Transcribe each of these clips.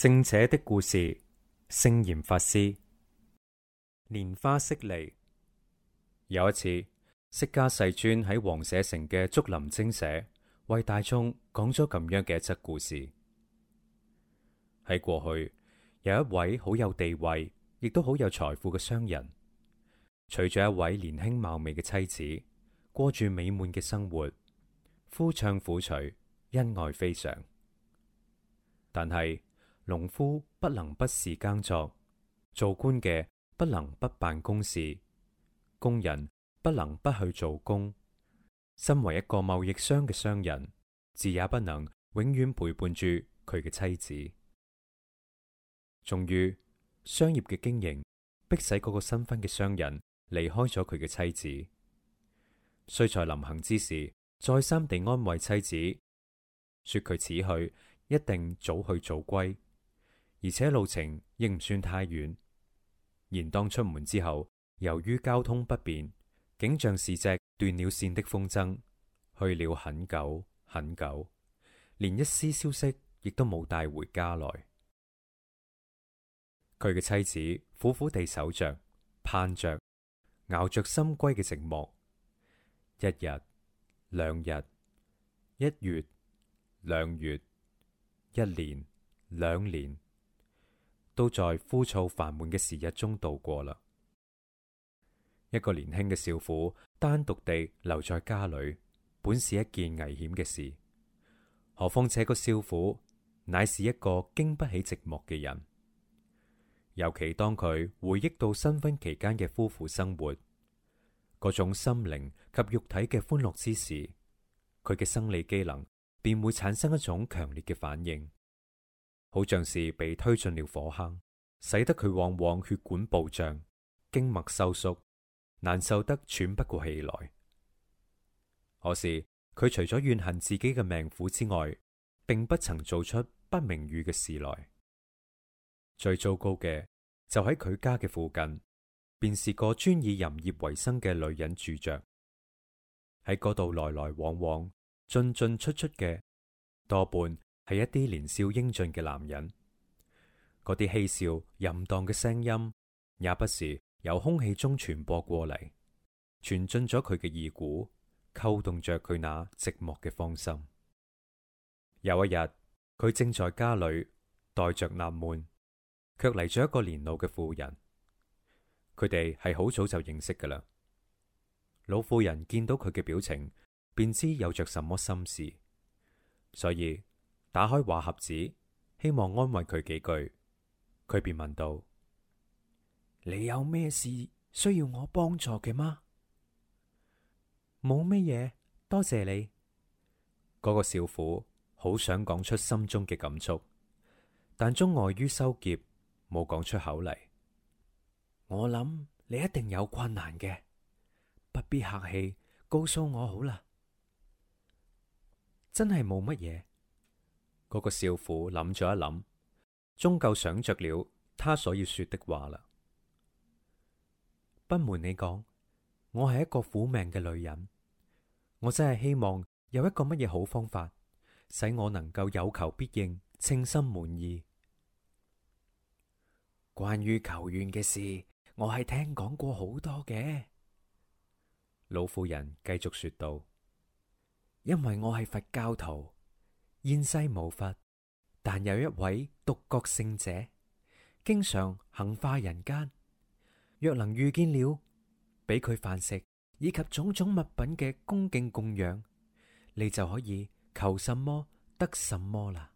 聖者的故事，聖嚴法師。蓮華色尼。有一次，釋迦世尊喺王舍城嘅竹林精舍，為大眾講咗咁樣嘅一則故事。喺過去，有一位好有地位，亦都好有財富嘅商人，娶咗一位年輕貌美嘅妻子，過住美滿嘅生活，夫唱婦隨，恩愛非常。但係，農夫不能不事耕作，做官嘅不能不辦公事，工人不能不去做工。身為一個貿易商嘅商人，自也不能永遠陪伴住佢嘅妻子。終於，商業嘅經營逼使嗰個新婚嘅商人離開咗佢嘅妻子，雖在臨行之時，再三地安慰妻子，說佢此去一定早去早歸。而且路程亦唔算太遠，然當出門之後，由於交通不便，竟像是隻斷了線的風箏，去了很久很久，連一絲消息亦都冇帶回家來。佢嘅妻子苦苦地守着，盼着，熬着深閨嘅寂寞，一日、兩日、一月、兩月、一年、兩年。都在枯燥煩悶嘅時日中度過啦。一個年輕嘅少婦單獨地留在家裏，本是一件危險嘅事，何況這個少婦乃是一個經不起寂寞嘅人。尤其當佢回憶到新婚期間嘅夫婦生活，嗰種心靈及肉體嘅歡樂之時，佢嘅生理機能便會產生一種強烈嘅反應。好像是被推進了火坑，使得佢往往血管暴脹、經脈收縮，難受得喘不過氣來。可是佢除咗怨恨自己嘅命苦之外，並不曾做出不名譽嘅事來。最糟糕嘅就喺佢家嘅附近，便是個專以淫業為生嘅女人住着，喺嗰度來來往往、進進出出嘅多半。係一啲年少英俊嘅男人，嗰啲嬉笑淫蕩嘅聲音，也不時由空氣中傳播過嚟，傳進咗佢嘅耳鼓，勾動着佢那寂寞嘅芳心。有一日，佢正在家裏待着納悶，卻嚟咗一個年老嘅婦人。佢哋係好早就認識㗎喇。老婦人見到佢嘅表情，便知有着什麼心事，所以。打開話匣子，希望安慰佢幾句。佢便問道：你有咩事需要我幫助嘅嗎？冇乜嘢，多謝你。嗰個少婦好想講出心中嘅感觸，但終礙於羞澀，冇講出口嚟。我諗你一定有困難嘅，不必客氣，告訴我好啦。真係冇乜嘢。嗰個少婦諗咗一諗，終究想着了他所要說的話啦。不瞞你講，我係一個苦命嘅女人，我真係希望有一個乜嘢好方法，使我能夠有求必應，稱心滿意。關於求願嘅事，我係聽講過好多嘅。老婦人繼續說道：「因為我係佛教徒。現世無法，但有一位獨覺聖者，經常行化人間。若能遇見了，俾佢飯食以及種種物品嘅恭敬供養，你就可以求什麼得什麼啦。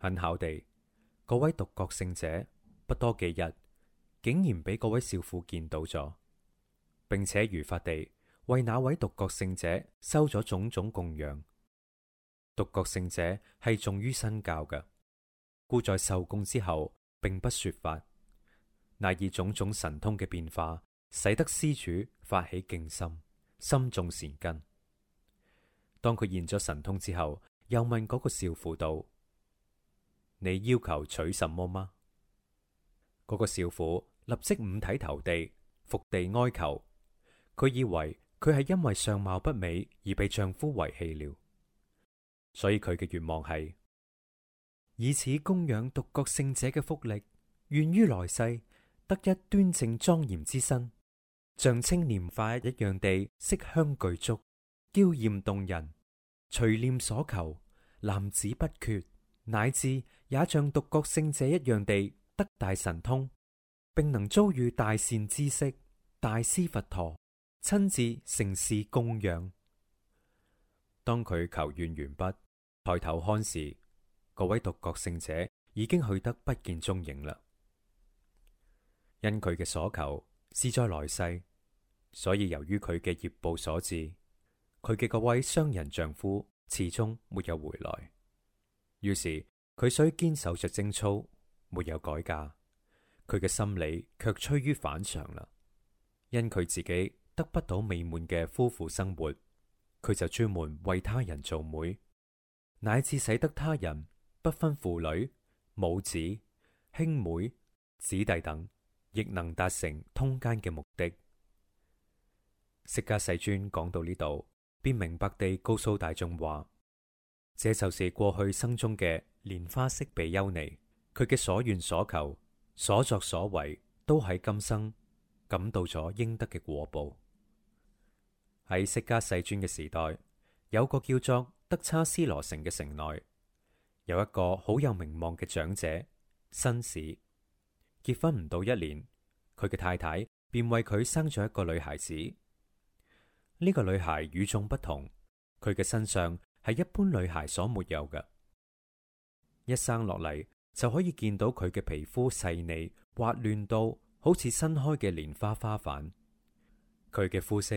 很巧地，嗰位獨覺聖者不多幾日，竟然俾嗰位少婦見到咗，並且如法地為那位獨覺聖者收咗種種供養。獨覺聖者係重於身教嘅，故在受供之後，並不說法，乃以種種神通嘅變化，使得施主發起敬心，心中善根。當佢現咗神通之後，又問嗰個少婦道：「你要求取什麼嗎？」嗰個少婦立即五體投地，伏地哀求。佢以為佢係因為相貌不美而被丈夫遺棄了。所以佢嘅願望係以此供養獨覺聖者嘅福力，願於來世得一端正莊嚴之身，像青蓮花一樣地色香具足，嬌艷動人，隨念所求，男子不缺，乃至也像獨覺聖者一樣地得大神通，並能遭遇大善知識、大師佛陀，親自成事供養。當佢求願完畢，抬頭看時，嗰位獨覺聖者已經去得不見蹤影啦。因佢嘅所求是在來世，所以由於佢嘅業報所致，佢嘅嗰位商人丈夫始終沒有回來。於是佢雖堅守着貞操，沒有改嫁，佢嘅心理卻趨於反常啦。因佢自己得不到美滿嘅夫婦生活。佢就專門為他人做媒，乃至使得他人不分父女、母子、兄妹、子弟等，亦能達成通奸嘅目的。釋迦世尊講到呢度，便明白地告訴大眾話：這就是過去生中嘅蓮花色比丘尼，佢嘅所願所求、所作所為，都喺今生感到咗應得嘅果報。喺釋迦世尊嘅時代，有個叫做德差斯羅城嘅城內，有一個好有名望嘅長者紳士，結婚唔到一年，佢嘅太太便為佢生咗一個女孩子。呢、這個女孩與眾不同，佢嘅身上係一般女孩所沒有嘅。一生落嚟就可以見到佢嘅皮膚細膩、滑嫩到好似新開嘅蓮花花瓣，佢嘅膚色。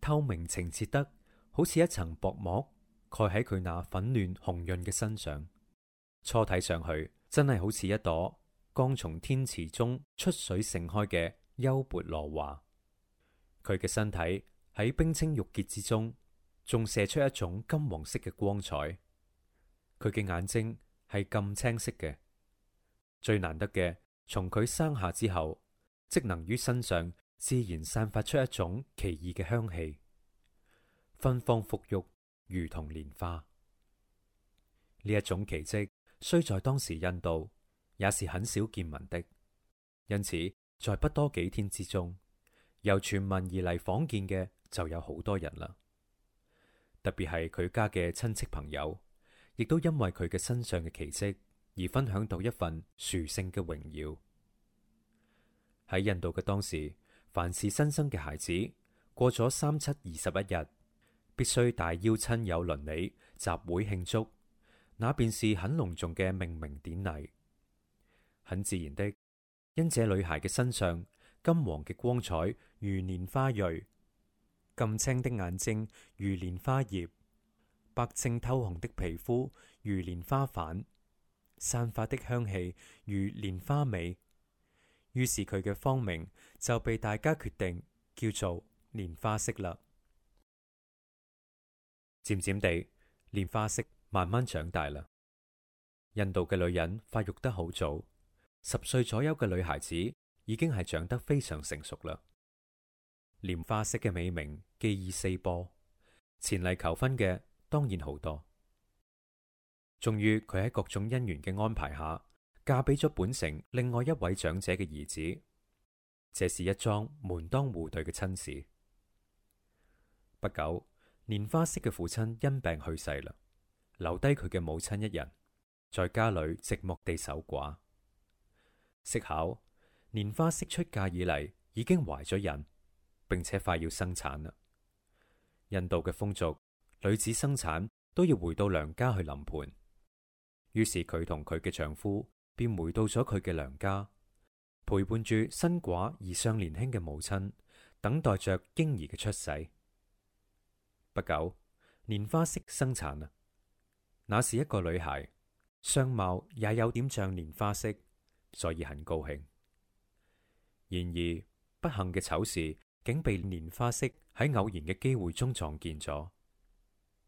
透明澄澈得好似一層薄膜蓋喺佢那粉嫩紅潤嘅身上，初睇上去真係好似一朵剛從天池中出水盛開嘅優缽羅華。佢嘅身體喺冰清玉潔之中，仲射出一種金黃色嘅光彩。佢嘅眼睛係咁青色嘅，最難得嘅，從佢生下之後，即能於身上。自然散發出一種奇異嘅香氣，芬芳馥鬱，如同蓮花。呢一種奇蹟雖在當時印度也是很少見聞的，因此在不多幾天之中，由傳聞而嚟訪見嘅就有好多人啦。特別係佢家嘅親戚朋友，亦都因為佢嘅身上嘅奇蹟而分享到一份殊勝嘅榮耀。喺印度嘅當時，凡是新生嘅孩子，過咗三七二十一日，必須大邀親友鄰里集會慶祝，那便是很隆重嘅命名典禮。很自然的，因這女孩嘅身上金黃嘅光彩如蓮花蕊，咁青的眼睛如蓮花葉，白淨透紅的皮膚如蓮花瓣，散發的香氣如蓮花味。於是佢嘅芳名就被大家決定叫做蓮華色啦。漸漸地，蓮華色慢慢長大啦。印度嘅女人發育得好早，十歲左右嘅女孩子已經係長得非常成熟啦。蓮華色嘅美名既已四播，前嚟求婚嘅當然好多。終於佢喺各種姻緣嘅安排下。嫁俾咗本城另外一位長者嘅兒子，這是一樁門當戶對嘅親事。不久，蓮花色嘅父親因病去世啦，留低佢嘅母親一人，在家裏寂寞地守寡。適巧，蓮花色出嫁以嚟，已經懷咗孕，並且快要生產啦。印度嘅風俗，女子生產都要回到娘家去臨盆，於是佢同佢嘅丈夫。便回到咗佢嘅娘家，陪伴住新寡而尚年輕嘅母親，等待着嬰兒嘅出世。不久，蓮花色生產啦，那是一個女孩，相貌也有點像蓮花色，所以很高興。然而不幸嘅醜事竟被蓮花色喺偶然嘅機會中撞見咗，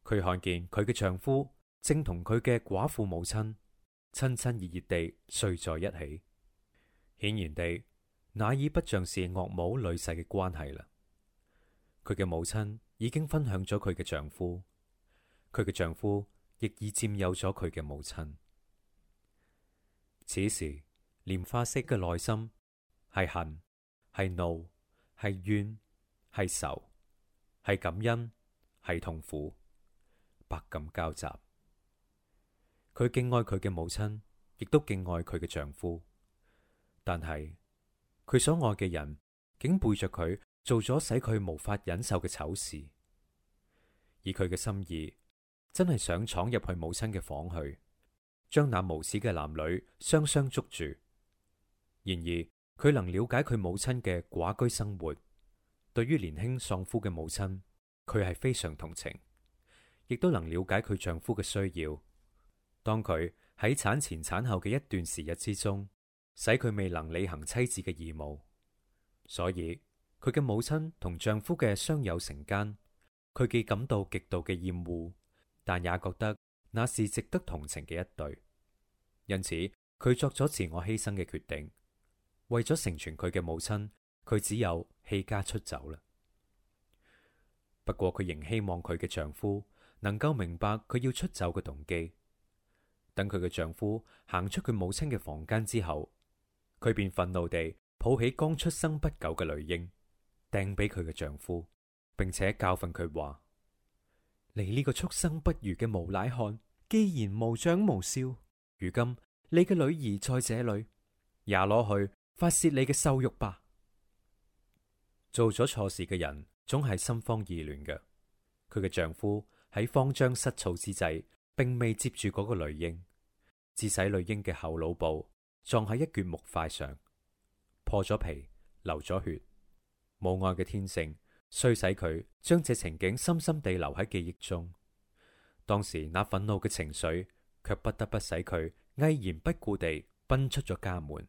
佢看見佢嘅丈夫正同佢嘅寡婦母親，親親熱熱地睡在一起，顯然地，那已不像是岳母女婿嘅關係啦。佢嘅母親已經分享咗佢嘅丈夫，佢嘅丈夫亦已佔有咗佢嘅母親。此時，蓮花色嘅內心係恨，係怒，係怨，係愁，係感恩，係痛苦，百感交集。佢敬愛佢嘅母親，亦都敬愛佢嘅丈夫，但係佢所愛嘅人竟背着佢做咗使佢無法忍受嘅醜事，以佢嘅心意真係想闖入去母親嘅房去，將那無恥嘅男女雙雙捉住。然而，佢能了解佢母親嘅寡居生活，對於年輕喪夫嘅母親，佢係非常同情，亦都能了解佢丈夫嘅需要。當佢喺產前、產後嘅一段時日之中，使佢未能履行妻子嘅義務，所以佢嘅母親同丈夫嘅相有成姦，佢既感到極度嘅厭惡，但也覺得那是值得同情嘅一對。因此，佢作咗自我犧牲嘅決定，為咗成全佢嘅母親，佢只有棄家出走了。不過，佢仍希望佢嘅丈夫能夠明白佢要出走嘅動機。等佢嘅丈夫行出佢母親嘅房間之後，佢便憤怒地抱起剛出生不久嘅女嬰，掟俾佢嘅丈夫，並且教訓佢話：「你呢個畜生不如嘅無賴漢，既然無長無少，如今你嘅女兒在這裡，也攞去發洩你嘅羞辱吧。做咗錯事嘅人總係心慌意亂嘅，佢嘅丈夫喺慌張失措之際，並未接住嗰個女嬰，致使女嬰嘅後腦部撞喺一卷木塊上，破咗皮，流咗血。母愛嘅天性雖使佢將這情景深深地留喺記憶中，當時那憤怒嘅情緒卻不得不使佢毅然不顧地奔出咗家門。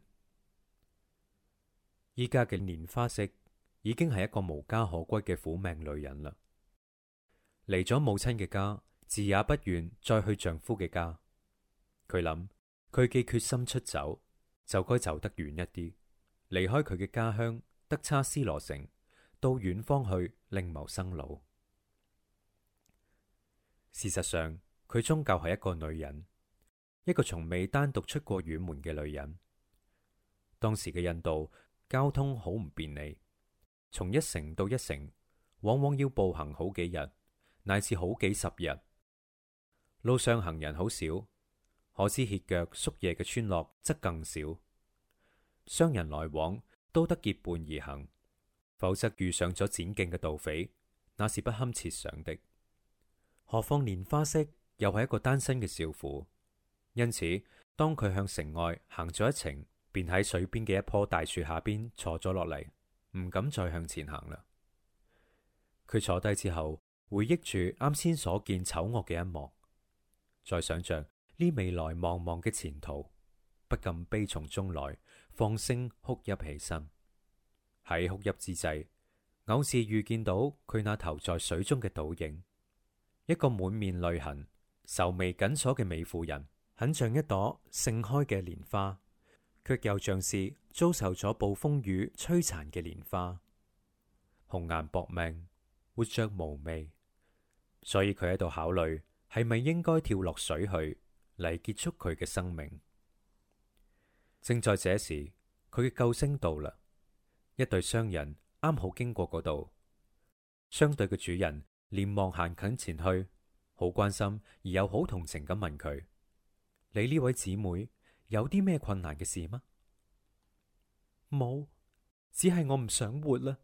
依家嘅蓮華色已經係一個無家可歸嘅苦命女人啦，嚟咗母親嘅家。自也不願再去丈夫嘅家。佢諗，佢既決心出走，就該走得遠一啲，離開佢嘅家鄉德差斯羅城，到遠方去另謀生路。事實上，佢終究係一個女人，一個從未單獨出過遠門嘅女人。當時嘅印度交通好唔便利，從一城到一城，往往要步行好幾日，乃至好幾十日。路上行人好少，可知歇腳宿夜嘅村落則更少。商人來往都得結伴而行，否則遇上咗剪徑嘅盜匪，那是不堪設想的。何況蓮華色又係一個單身嘅少婦，因此當佢向城外行咗一程，便喺水邊嘅一棵大樹下邊坐咗落嚟，唔敢再向前行啦。佢坐低之後，回憶住啱先所見醜惡嘅一幕。再想像，呢未來茫茫嘅前途，不禁悲從中來，放聲哭泣起身。喺哭泣之際，偶次遇見到佢那頭在水中嘅倒影，一個滿面淚痕、愁眉緊鎖嘅美婦人，很像一朵盛開嘅蓮花，卻又像是遭受咗暴風雨摧殘嘅蓮花。紅顏薄命，活着無味，所以佢喺度考慮，係咪應該跳落水去嚟結束佢嘅生命？正在這時，佢嘅救星到啦，一對商人啱好經過嗰度，商隊嘅主人連忙行近前去，好關心而又好同情咁問佢：你呢位姊妹有啲咩困難嘅事嗎？冇，只係我唔想活啦。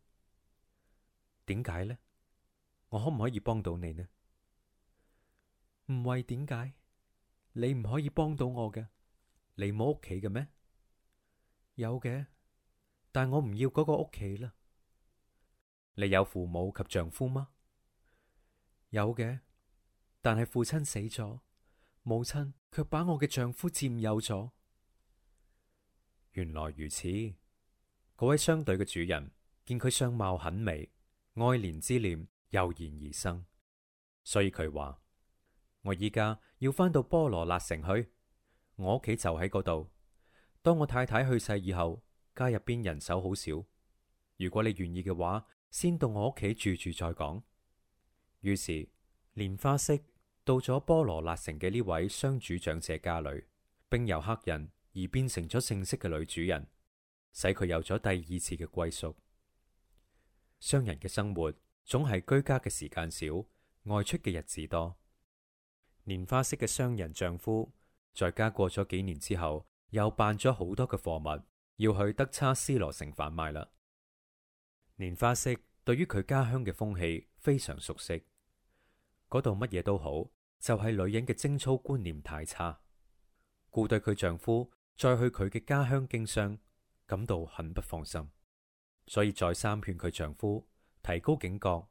點解呢？我可唔可以幫到你呢？唔係點解？你唔可以幫到我嘅。你冇屋企嘅咩？有嘅，但我唔要嗰個屋企啦。你有父母及丈夫嗎？有嘅，但係父親死咗，母親卻把我嘅丈夫佔有咗。原來如此。嗰位商隊嘅主人見佢相貌很美，愛憐之念油然而生，所以佢話。我依家要返到波羅納城去，我屋企就喺嗰度。當我太太去世以後，家入邊人手好少。如果你願意嘅話，先到我屋企住住再講。於是蓮華色到咗波羅納城嘅呢位商主長者家裏，並由客人而變成咗正式嘅女主人，使佢有咗第二次嘅歸宿。商人嘅生活總係居家嘅時間少，外出嘅日子多。蓮華色嘅商人丈夫在家過咗幾年之後，又辦咗好多嘅貨物要去德差斯羅城販賣啦。蓮華色對於佢家鄉嘅風氣非常熟悉，嗰度乜嘢都好，就係女人嘅貞操觀念太差，故對佢丈夫再去佢嘅家鄉經商感到很不放心，所以再三勸佢丈夫提高警覺，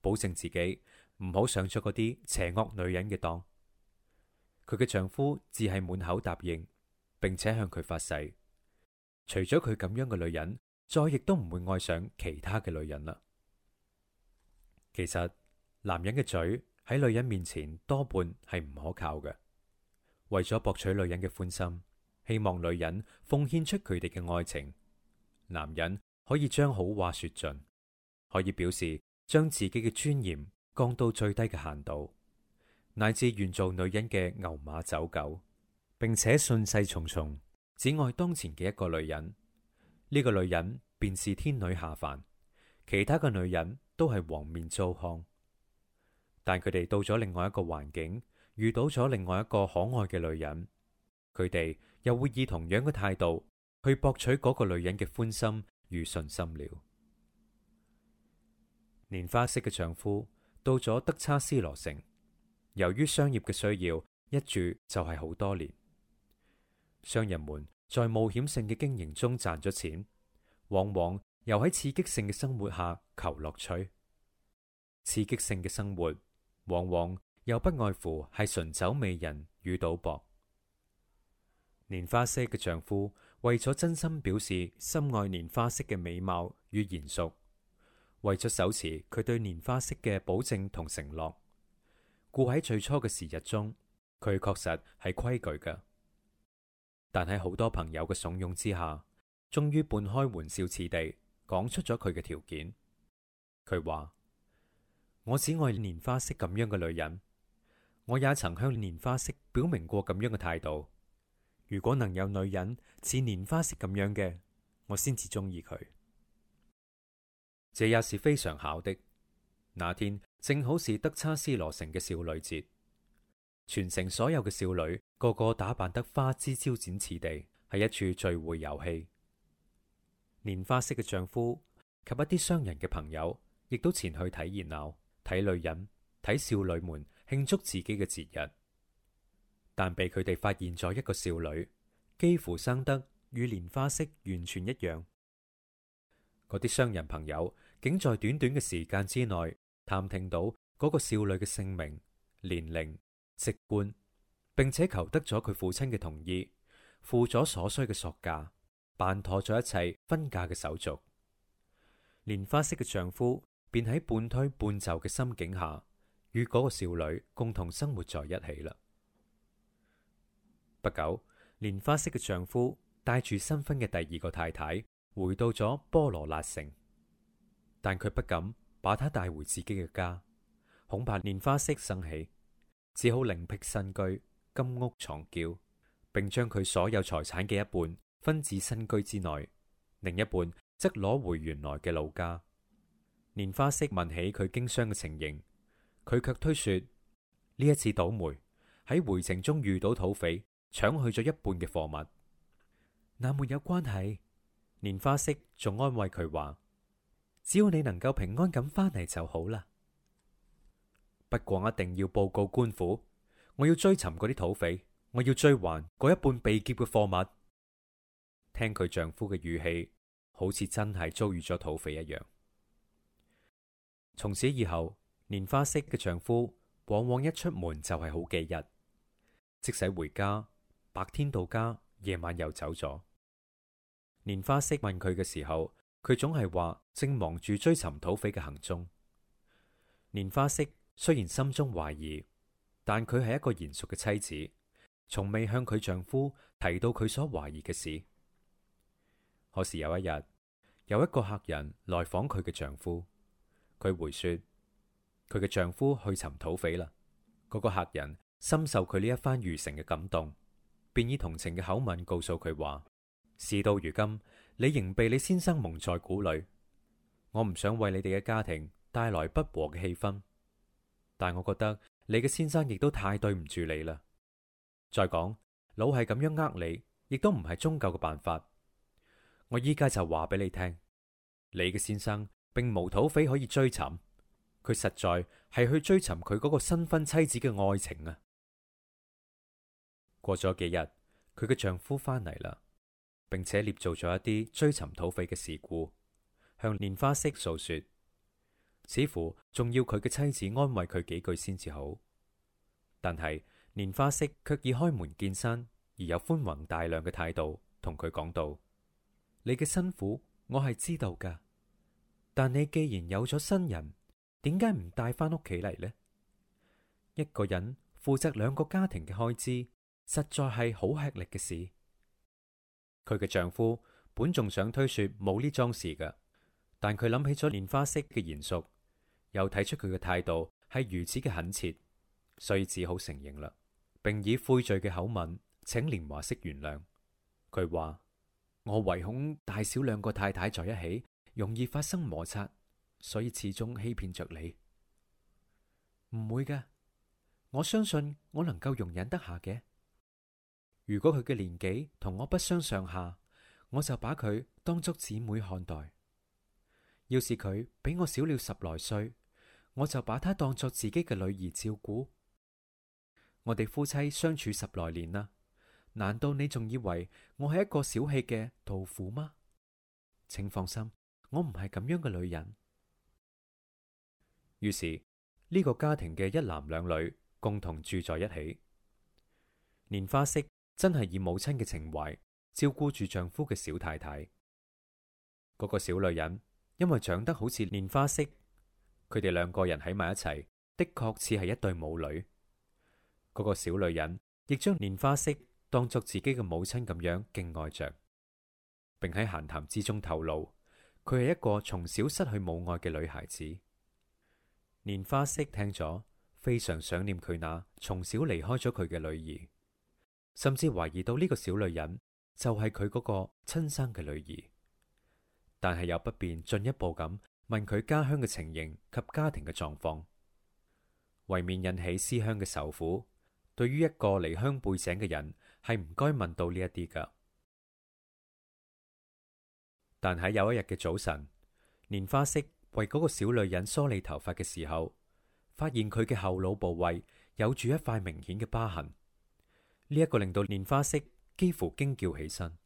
保證自己唔好上咗嗰啲邪惡女人嘅當。佢嘅丈夫只係滿口答應，並且向佢發誓，除咗佢咁樣嘅女人，再亦都唔會愛上其他嘅女人啦。其實男人嘅嘴喺女人面前多半係唔可靠嘅，為咗博取女人嘅歡心，希望女人奉獻出佢哋嘅愛情，男人可以將好話說盡，可以表示將自己嘅尊嚴降到最低嘅限度。乃至願做女人嘅牛馬走狗，並且信誓重重，只愛當前嘅一個女人。呢個女人便是天女下凡，其他嘅女人都係黃面糟糠。但佢哋到咗另外一個環境，遇到咗另外一個可愛嘅女人，佢哋又會以同樣嘅態度去博取嗰個女人嘅歡心與信心了。蓮花色嘅丈夫到咗德差斯羅城。由於商業嘅需要，一住就係好多年。商人們在冒險性嘅經營中賺咗錢，往往又喺刺激性嘅生活下求樂趣。刺激性嘅生活，往往又不外乎係醇酒美人與賭博。蓮華色嘅丈夫為咗真心表示深愛蓮華色嘅美貌與賢淑，為咗手持佢對蓮華色嘅保證同承諾。故喺最初嘅時日中，佢確實係規矩嘅。但喺好多朋友嘅慫恿之下，終於半開玩笑似地講出咗佢嘅條件。佢話：我只愛蓮花色咁樣嘅女人。我也曾向蓮花色表明過咁樣嘅態度。如果能有女人似蓮花色咁樣嘅，我先至中意佢。這也是非常巧的。那天正好是德叉斯羅城嘅少女節，全城所有嘅少女個個打扮得花枝招展，似地係一處聚會遊戲。蓮花色嘅丈夫及一啲商人嘅朋友亦都前去睇熱鬧，睇女人，睇少女們慶祝自己嘅節日。但被佢哋發現咗一個少女，幾乎生得與蓮花色完全一樣。嗰啲商人朋友竟在短短嘅時間之內。探聽到嗰個少女嘅姓名、年齡、籍貫，並且求得咗佢父親嘅同意，付咗所需嘅索價，辦妥咗一切婚嫁嘅手續。蓮華色嘅丈夫便喺半推半就嘅心境下，與嗰個少女共同生活在一起啦。不久，蓮華色嘅丈夫帶住新婚嘅第二個太太，回到咗波羅奈城，但佢不敢。把他帶回自己嘅家，恐怕蓮華色生起，只好另闢新居，金屋藏嬌，並將佢所有財產嘅一半分至新居之內，另一半則攞回原來嘅老家。蓮華色問起佢經商嘅情形，佢卻推說呢一次倒霉，喺回程中遇到土匪，搶去咗一半嘅貨物。那沒有關係，蓮華色仲安慰佢話。只要你能夠平安咁返嚟就好啦。不過一定要報告官府，我要追尋嗰啲土匪，我要追還嗰一半被劫嘅貨物。聽佢丈夫嘅語氣，好似真係遭遇咗土匪一樣。從此以後，蓮花色嘅丈夫往往一出門就係好幾日，即使回家，白天到家，夜晚又走咗。蓮花色問佢嘅時候。佢總係話正忙住追尋土匪嘅行蹤。蓮花色雖然心中懷疑，但佢係一個賢淑嘅妻子，從未向佢丈夫提到佢所懷疑嘅事。可是有一日，有一個客人來訪佢嘅丈夫，佢回說佢嘅丈夫去尋土匪啦。嗰個客人深受佢呢一番愚誠嘅感動，便以同情嘅口吻告訴佢話：事到如今。你仍被你先生蒙在鼓裏，我唔想為你哋嘅家庭帶來不和嘅氣氛，但我覺得你嘅先生亦都太對唔住你啦。再講老係咁樣呃你，亦都唔係終究嘅辦法。我依家就話俾你聽，你嘅先生並無土匪可以追尋，佢實在係去追尋佢嗰個新婚妻子嘅愛情啊。過咗幾日，佢嘅丈夫翻嚟啦。並且捏造咗一啲追尋土匪嘅事故，向蓮花色訴說，似乎仲要佢嘅妻子安慰佢幾句先至好。但係蓮花色卻以開門見山而又寬宏大量嘅態度同佢講道：「你嘅辛苦我係知道噶，但你既然有咗新人，點解唔帶翻屋企嚟呢？一個人負責兩個家庭嘅開支，實在係好吃力嘅事。佢嘅丈夫本仲想推說冇呢樁事㗎，但佢諗起咗蓮華色嘅嚴肅，又睇出佢嘅態度係如此嘅懇切，所以只好承認啦，並以悔罪嘅口吻請蓮華色原諒。佢話：我唯恐大小兩個太太在一起容易發生摩擦，所以始終欺騙着你。唔會嘅，我相信我能夠容忍得下嘅。如果佢嘅年紀同我不相上下，我就把佢當作姊妹看待；要是佢比我小了十來歲，我就把她當作自己嘅女兒照顧。我哋夫妻相處十來年啦，難道你仲以為我係一個小氣嘅妒婦嗎？請放心，我唔係咁樣嘅女人。於是呢、這個家庭嘅一男兩女共同住在一起，蓮華色。真係以母親嘅情懷照顧住丈夫嘅小太太。嗰、那個小女人因為長得好似蓮花色，佢哋兩個人喺埋一齊，的確似係一對母女。嗰、那個小女人亦將蓮花色當作自己嘅母親咁樣敬愛着，並喺閒談之中透露，佢係一個從小失去母愛嘅女孩子。蓮花色聽咗，非常想念佢那從小離開咗佢嘅女兒。甚至懷疑到呢個小女人就係佢嗰個親生嘅女兒，但係又不便進一步咁問佢家鄉嘅情形及家庭嘅狀況，為免引起思鄉嘅愁苦，對於一個離鄉背井嘅人係唔該問到呢一啲㗎。但喺有一日嘅早晨，蓮華色為嗰個小女人梳理頭髮嘅時候，發現佢嘅後腦部位有住一塊明顯嘅疤痕。呢一個令到蓮花色幾乎驚叫起身，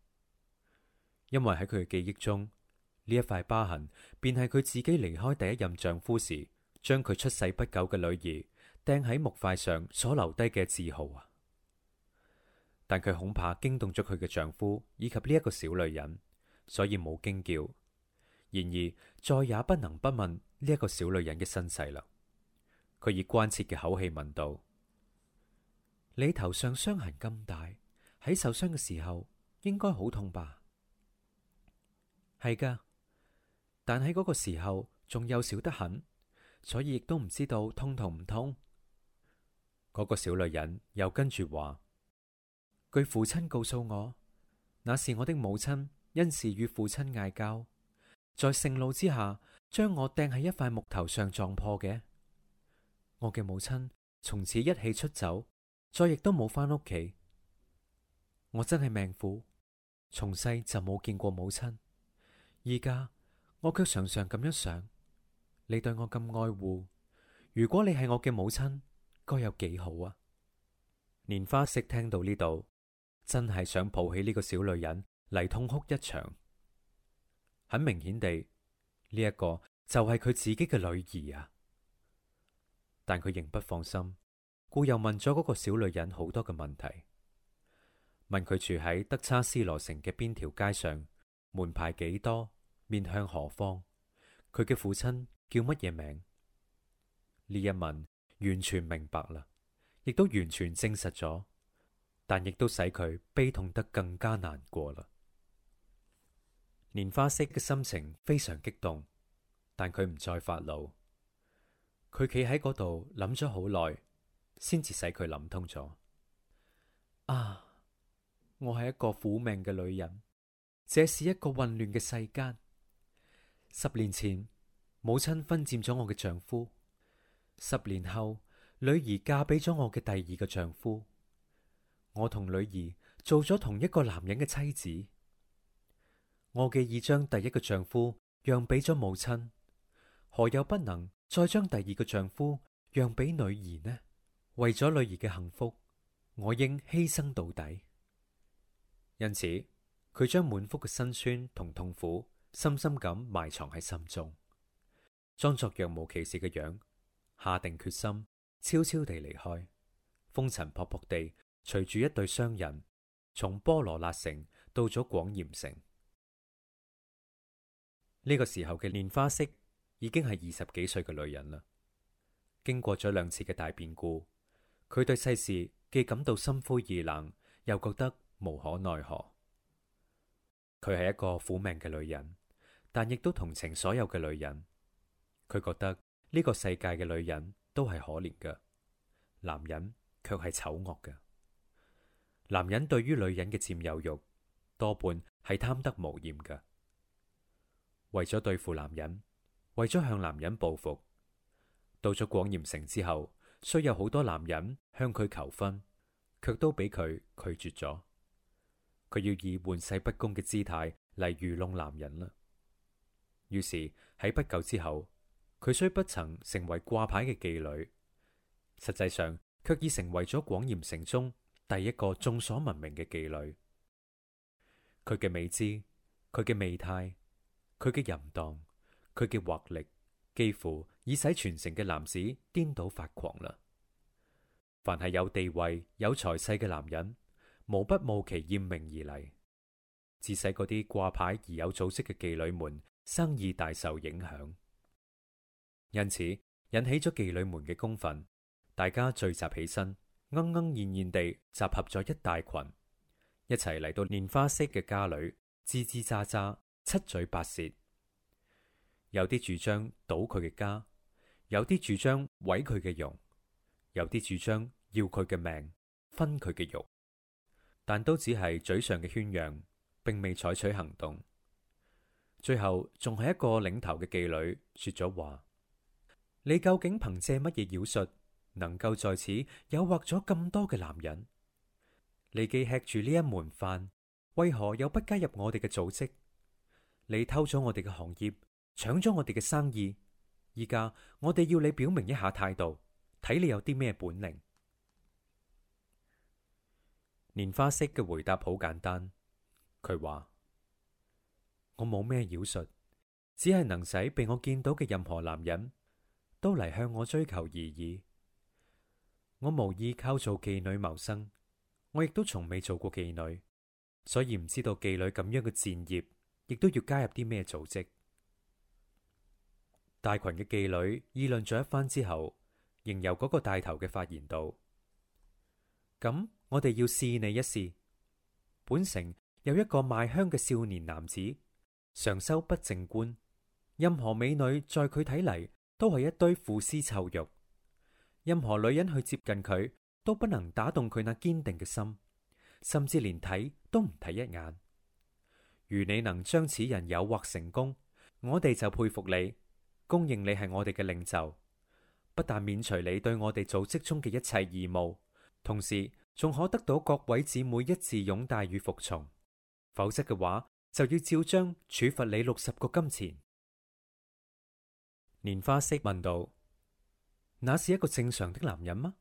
因為喺佢嘅記憶中，呢一塊疤痕便係佢自己離開第一任丈夫時，將佢出世不久嘅女兒掟喺木塊上所留低嘅字豪字號啊！但佢恐怕驚動咗佢嘅丈夫以及呢一個小女人，所以冇驚叫。然而，再也不能不問呢一個小女人嘅身世啦。佢以關切嘅口氣問道。你頭上傷痕咁大，喺受傷嘅時候應該好痛吧？係噶，但喺嗰個時候仲幼小得很，所以亦都唔知道痛同唔痛。嗰個小女人又跟住話：據父親告訴我，那是我的母親因事與父親嗌交，在盛怒之下將我掟喺一塊木頭上撞破嘅。我嘅母親從此一起出走。再亦都冇返屋企，我真係命苦，從細就冇見過母親。而家我卻常常咁樣想，你對我咁愛護，如果你係我嘅母親，該有幾好啊！蓮華色聽到呢度，真係想抱起呢個小女人嚟，痛哭一場。很明顯地，呢一個就係佢自己嘅女兒啊，但佢仍不放心。故又問咗嗰個小女人好多嘅問題，問佢住喺德差斯羅城嘅邊條街上，門牌幾多，面向何方？佢嘅父親叫乜嘢名？呢一問完全明白啦，亦都完全證實咗，但亦都使佢悲痛得更加難過啦。蓮華色嘅心情非常激動，但佢唔再發怒。佢企喺嗰度諗咗好耐。先至使佢諗通咗啊！我係一個苦命嘅女人，這是一個混亂嘅世間。十年前，母親分佔咗我嘅丈夫；十年後，女兒嫁俾咗我嘅第二個丈夫。我同女兒做咗同一個男人嘅妻子。我既已將第一個丈夫讓俾咗母親，何又不能再將第二個丈夫讓俾女兒呢？為咗女兒嘅幸福，我應犧牲到底。因此，佢將滿腹嘅辛酸同痛苦深深咁埋藏喺心中，裝作若無其事嘅樣，下定決心悄悄地離開，風塵僕僕地隨住一對商人從波羅納城到咗廣鹽城。呢個時候嘅蓮花色已經係二十幾歲嘅女人啦，經過咗兩次嘅大變故。佢對世事既感到心灰意冷，又覺得無可奈何。佢係一個苦命嘅女人，但亦都同情所有嘅女人。佢覺得呢個世界嘅女人都係可憐㗎，男人卻係醜惡㗎。男人對於女人嘅佔有慾多半係貪得無厭㗎。為咗對付男人，為咗向男人報復，到咗廣嚴城之後。雖有好多男人向佢求婚，卻都俾佢拒絕咗。佢要以玩世不恭嘅姿態嚟愚弄男人啦。於是喺不久之後，佢雖不曾成為掛牌嘅妓女，實際上卻已成為咗廣嚴城中第一個眾所聞名嘅妓女。佢嘅美姿，佢嘅美態，佢嘅淫蕩，佢嘅惑力，幾乎……以使全城嘅男子顛倒發狂啦！凡係有地位、有才勢嘅男人，無不慕其艷名而嚟，致使嗰啲掛牌而有組織嘅妓女們生意大受影響，因此引起咗妓女們嘅公憤，大家聚集起身，鶯鶯燕燕地集合咗一大群，一齊嚟到蓮華色嘅家裏，吱吱喳喳、七嘴八舌，有啲主張搗佢嘅家。有啲主張毀佢嘅容，有啲主張要佢嘅命，分佢嘅肉，但都只係嘴上嘅宣揚，並未採取行動。最後仲係一個領頭嘅妓女說咗話：， 你究竟憑借乜嘢妖術，能夠在此誘惑咗咁多嘅男人？你既吃住呢一門飯，為何又不加入我哋嘅組織？你偷咗我哋嘅行業，搶咗我哋嘅生意。依家我哋要你表明一下態度，睇你有啲咩本領。蓮花色嘅回答好簡單，佢話：我冇咩妖術，只係能使被我見到嘅任何男人都嚟向我追求而已。我無意靠做妓女謀生，我亦都從未做過妓女，所以唔知道妓女咁樣嘅賤業，亦都要加入啲咩組織。大群嘅妓女議論咗一番之後，仍由嗰個帶頭嘅發言道：咁我哋要試你一試。本城有一個賣香嘅少年男子，常修不正觀，任何美女在佢睇嚟，都係一堆腐屍臭肉，任何女人去接近佢都不能打動佢那堅定嘅心，甚至連睇都唔睇一眼。如你能將此人誘惑成功，我哋就佩服你。公認你係我哋嘅領袖，不但免除你對我哋組織中嘅一切義務，同時仲可得到各位姊妹一致擁戴與服從。否則嘅話，就要照章處罰你六十個金錢。蓮華色問道：那是一個正常的男人嗎？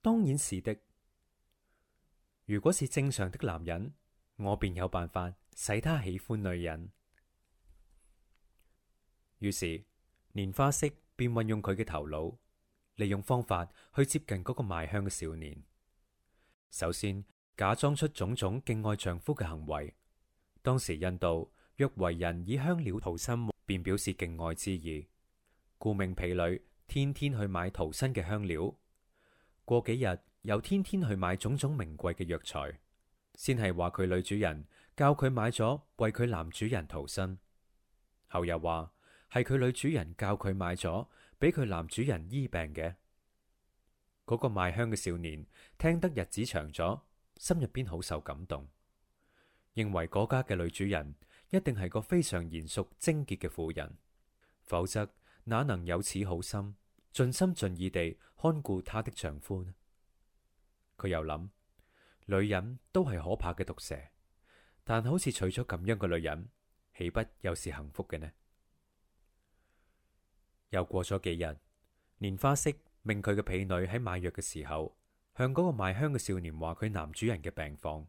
當然是的。如果是正常的男人，我便有辦法使他喜歡女人。於是蓮花色便運用佢嘅頭腦，利用方法去接近嗰個賣香嘅少年。首先假裝出種種敬愛丈夫嘅行為。當時印度若為人以香料塗身，便表示敬愛之意，故命婢女天天去買塗身嘅香料。過幾日又天天去買種種名貴嘅藥材，先係話佢女主人教佢買咗為佢男主人塗身，後又話。係佢女主人教佢買咗，俾佢男主人醫病嘅。嗰個賣香嘅少年聽得日子長咗，心入邊好受感動，認為嗰家嘅女主人一定係個非常賢淑貞潔嘅婦人，否則哪能有此好心，盡心盡意地看顧她的丈夫呢？佢又諗，女人都係可怕嘅毒蛇，但好似娶咗咁樣嘅女人，豈不又是幸福嘅呢？又過咗幾日，蓮花色命佢嘅婢女喺買藥嘅時候，向嗰個賣香嘅少年話佢男主人嘅病況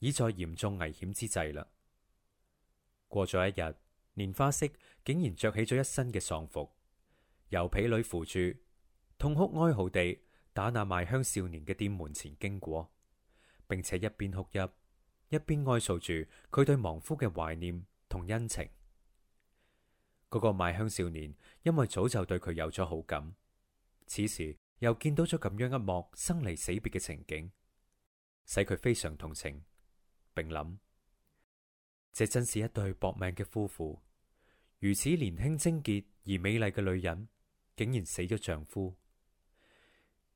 已在嚴重危險之際啦。過咗一日，蓮花色竟然着起咗一身嘅喪服，由婢女扶住，痛哭哀嚎，地打那賣香少年嘅店門前經過，並且一邊哭泣，一邊哀訴住佢對亡夫嘅懷念同恩情。嗰個賣香少年因為早就對佢有咗好感，此時又見到咗咁樣一幕生離死別嘅情景，使佢非常同情，並諗：「這真是一對薄命嘅夫婦，如此年輕貞潔而美麗嘅女人，竟然死咗丈夫；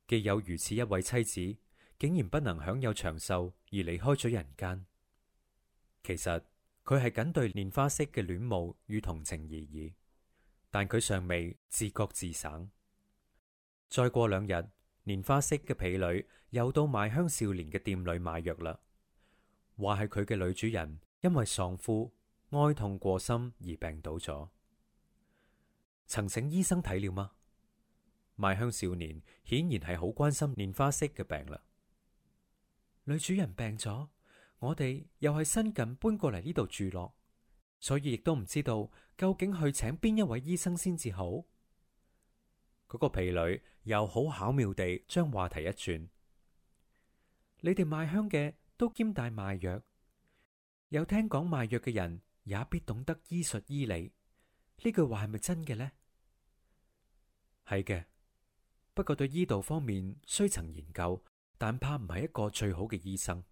既有如此一位妻子，竟然不能享有長壽而離開咗人間。其實。佢係僅對蓮花色嘅戀慕與同情而已，但佢尚未自覺自省。再過兩日，蓮花色嘅婢女又到賣香少年嘅店裏買藥啦。話係，佢嘅女主人因為喪夫哀痛過深而病倒咗，曾請醫生睇了嗎？賣香少年顯然係好關心蓮花色嘅病啦。女主人病咗。我哋又係新近搬過嚟呢度住落，所以亦都唔知道究竟去請邊一位醫生先至好。嗰個婢女又好巧妙地將話題一轉：你哋賣香嘅都兼帶賣藥，有聽講賣藥嘅人也必懂得醫術醫理。呢句話係咪真嘅呢？係嘅，不過對醫道方面雖曾研究，但怕唔係一個最好嘅醫生。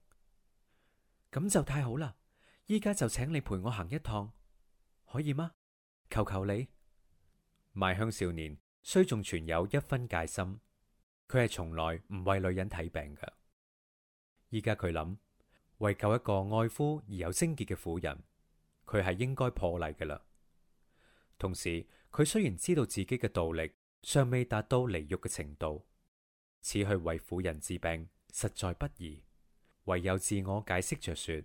咁就太好啦！依家就請你陪我行一趟，可以嗎？求求你。賣香少年雖仲存有一分戒心，佢係從來唔為女人睇病嘅。依家佢諗，為救一個愛夫而有貞潔嘅婦人，佢係應該破例噶啦。同時，佢雖然知道自己嘅道力尚未達到離欲嘅程度，此去為婦人治病實在不宜。唯有自我解釋着說，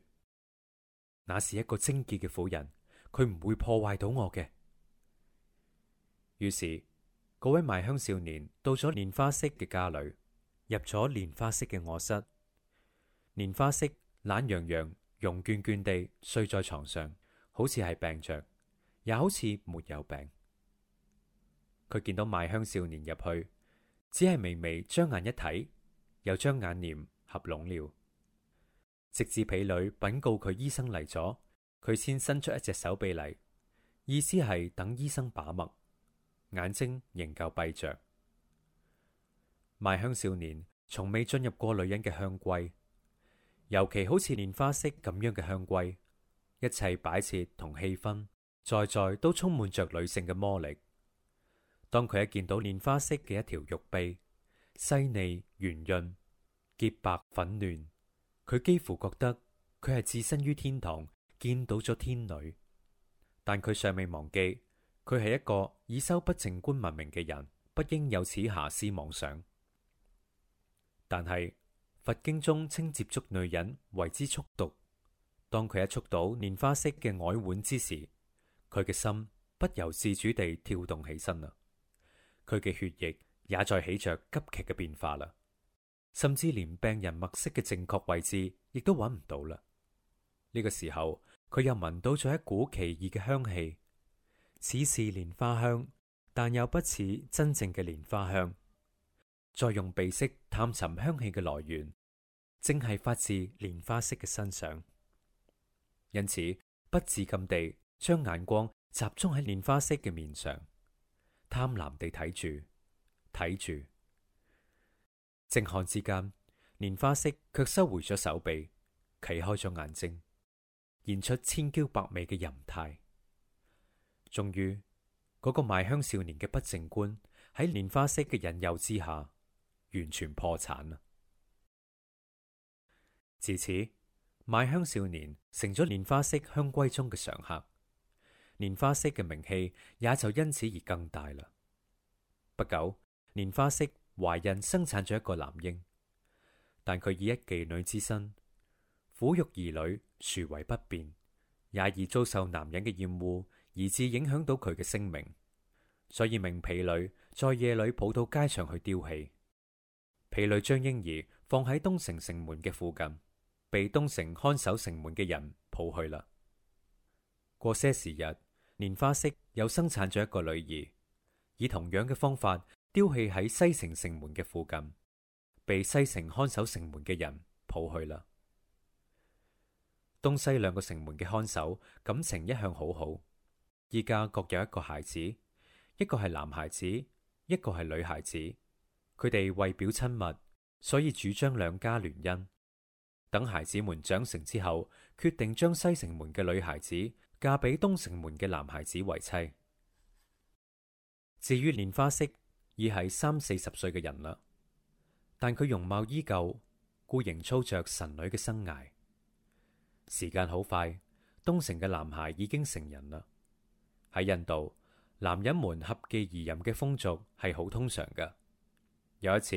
那是一個貞潔嘅婦人，佢唔會破壞到我嘅。於是，嗰位賣香少年到咗蓮華色嘅家裏，入咗蓮華色嘅臥室。蓮華色懶洋洋、融倦倦地睡在床上，好似係病着，也好似沒有病。佢見到賣香少年入去，只係微微張眼一睇，又將眼簾合攏了。直至婢女稟告佢，醫生嚟咗，佢先伸出一隻手臂嚟，意思係等醫生把脈。眼睛仍舊閉着。賣香少年從未進入過女人嘅香閨，尤其好似蓮花色咁樣嘅香閨，一切擺設同氣氛，在在都充滿着女性嘅魔力。當佢一見到蓮花色嘅一條玉臂，細膩圓潤、潔白粉嫩。佢幾乎覺得佢係置身於天堂，見到咗天女，但佢尚未忘記佢係一個以修不淨觀聞名嘅人，不應有此遐思妄想。但係佛經中稱接觸女人為之速毒。當佢一觸到蓮華色嘅外腕之時，佢嘅心不由自主地跳動起身啦，佢嘅血液也在起着急劇嘅變化啦。甚至連病人脈色嘅正確位置亦都揾唔到啦。呢、這個時候，佢又聞到咗一股奇異嘅香氣，似是蓮花香，但又不似真正嘅蓮花香。再用鼻息探尋香氣嘅來源，正係發自蓮花色嘅身上。因此，不自禁地將眼光集中喺蓮花色嘅面上，貪婪地睇住，睇住。正看之間，蓮花色卻收回咗手臂，企開咗眼睛，現出千嬌百媚嘅淫態。終於，嗰、那個賣香少年嘅不正觀喺蓮花色嘅引誘之下，完全破產啦。自此，賣香少年成咗蓮花色香閨中嘅常客，蓮花色嘅名氣也就因此而更大啦。不久，蓮花色。懷孕生產咗一個男嬰，但佢以一妓女之身撫育兒女殊為不便，也而遭受男人嘅厭惡，以致影響到佢嘅聲名，所以命婢女在夜裏抱到街上去丟棄。婢女將嬰兒放喺東城城門嘅附近，被東城看守城門嘅人抱去啦。過些時日，蓮花色又生產咗一個女兒，以同樣嘅方法。丟棄喺西城城門嘅附近，被西城看守城門嘅人抱去啦。東西兩個城門嘅看守感情一向好好，依家各有一個孩子，一個係男孩子，一個係女孩子。佢哋為表親密，所以主張兩家聯姻。等孩子們長成之後，決定將西城門嘅女孩子嫁俾東城門嘅男孩子為妻。至於蓮華色。已係三四十歲嘅人啦，但佢容貌依舊，故仍操着神女嘅生涯。時間好快，東城嘅男孩已經成人啦。喺印度，男人們合記而飲嘅風俗係好通常嘅。有一次，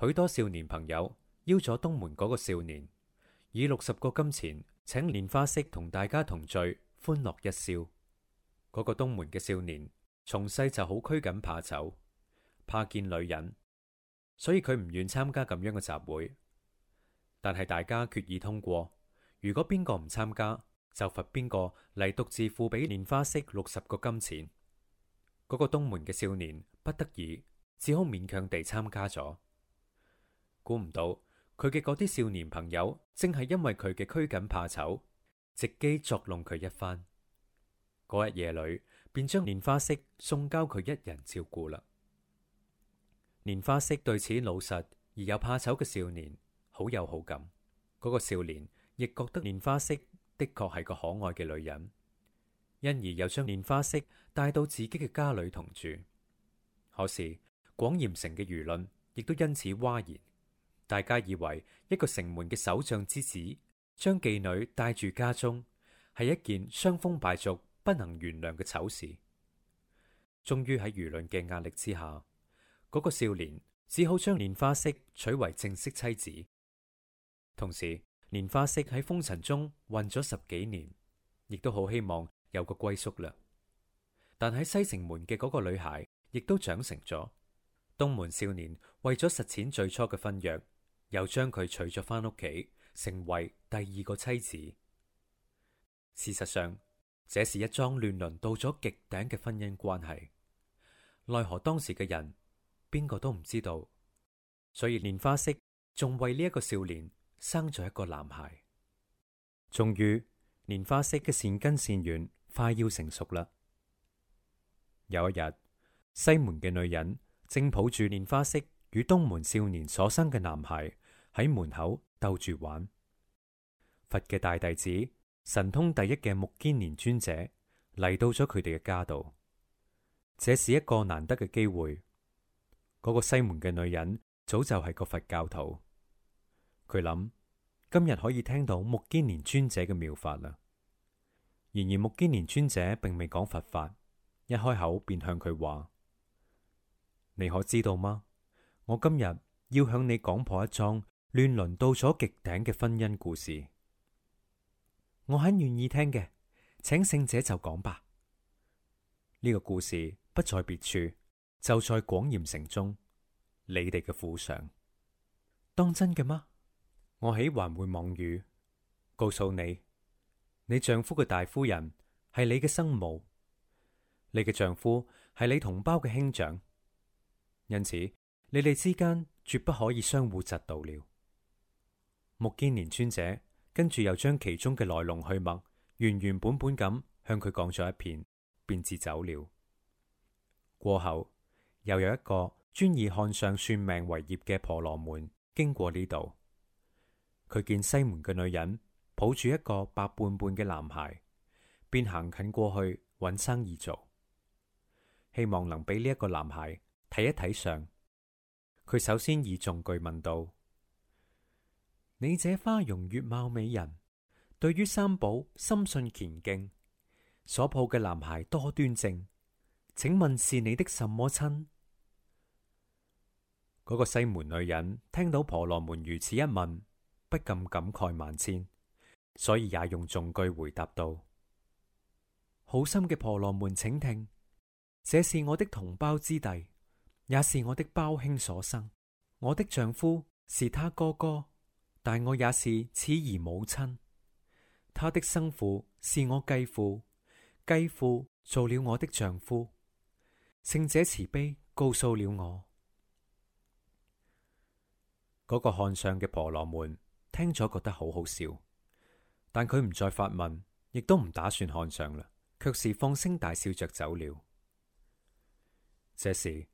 許多少年朋友邀咗東門嗰個少年，以六十個金錢請蓮華色同大家同聚，歡樂一宵。嗰、那個東門嘅少年從細就好拘謹，怕醜。怕見女人，所以佢唔願參加咁樣嘅集會。但係大家決議通過，如果邊個唔參加，就罰邊個嚟，獨自付俾蓮華色六十個金錢。嗰個東門嘅少年不得已，只好勉強地參加咗。估唔到佢嘅嗰啲少年朋友，正係因為佢嘅拘謹怕醜，藉機作弄佢一番。嗰日夜裏，便將蓮華色送交佢一人照顧啦。蓮華色對此老實而又怕醜嘅少年好有好感，嗰、那個少年亦覺得蓮華色的確係個可愛嘅女人，因而又將蓮華色帶到自己嘅家裏同住。可是廣嚴城嘅輿論亦都因此嘩然，大家以為一個城門嘅首相之子將妓女帶住家中，係一件傷風敗俗、不能原諒嘅醜事。終於喺輿論嘅壓力之下，嗰個少年只好將蓮華色娶為正式妻子，同時蓮華色喺風塵中混咗十幾年，亦都好希望有個歸宿啦。但喺西城門嘅嗰個女孩亦都長成咗，東門少年為咗實踐最初嘅婚約，又將佢娶咗返屋企，成為第二個妻子。事實上，這是一樁亂倫到咗極頂嘅婚姻關係，奈何當時嘅人。邊個都唔知道，所以蓮華色仲為呢一個少年生咗一個男孩。終於蓮華色嘅善根善緣快要成熟啦。有一日，西門嘅女人正抱住蓮華色與東門少年所生嘅男孩喺門口逗住玩。佛嘅大弟子神通第一嘅目犍連尊者嚟到咗佢哋嘅家度，這是一個難得嘅機會。嗰個西門嘅女人早就係個佛教徒，佢諗今日可以聽到木堅連尊者嘅妙法啦。然而木堅連尊者並未講佛法，一開口便向佢話：你可知道嗎？我今日要向你講破一樁亂倫到咗極頂嘅婚姻故事。我很願意聽嘅，請聖者就講吧。呢個故事不在別處。就在廣鹽城中，你哋嘅府上當真嘅嗎？我喺還會妄語，告訴你，你丈夫嘅大夫人係你嘅生母，你嘅丈夫係你同胞嘅兄長，因此你哋之間絕不可以相互嫉妒了。目犍連尊者跟住又將其中嘅來龍去脈原原本本咁向佢講咗一遍，便自走了。過後。又有一個專以看相算命為業嘅婆羅門經過呢度，佢見西門嘅女人抱住一個白胖胖嘅男孩，便行近過去揾生意做，希望能俾呢一個男孩睇一睇相。佢首先以重句問道：你這花容月貌美人，對於三寶深信虔敬，所抱嘅男孩多端正，請問是你的什麼親？嗰個西門女人聽到婆羅門如此一問，不禁感慨萬千，所以也用重句回答道：好心嘅婆羅門，請聽，這是我的同胞之弟，也是我的胞兄所生。我的丈夫是他哥哥，但我也是此兒母親。他的生父是我繼父，繼父做了我的丈夫。聖者慈悲，告訴了我。嗰個看相嘅婆羅門聽咗覺得好好笑，但佢唔再發問，亦都唔打算看相啦，卻是放聲大笑着走了。這時，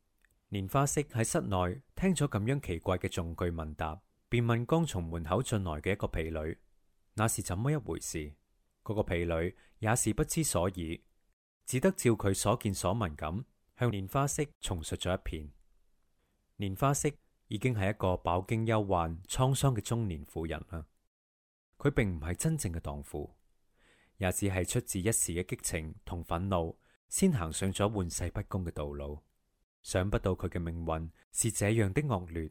蓮花色喺室內聽咗咁樣奇怪嘅重句問答，便問剛從門口進來嘅一個婢女：那是怎麼一回事？嗰、那個婢女也是不知所以，只得照佢所見所聞咁向蓮花色重述咗一遍：「蓮花色。已經係一個飽經憂患滄桑嘅中年婦人啦。佢並唔係真正嘅蕩婦，也只係出自一時嘅激情同憤怒，先行上咗玩世不恭嘅道路。想不到佢嘅命運是這樣的惡劣。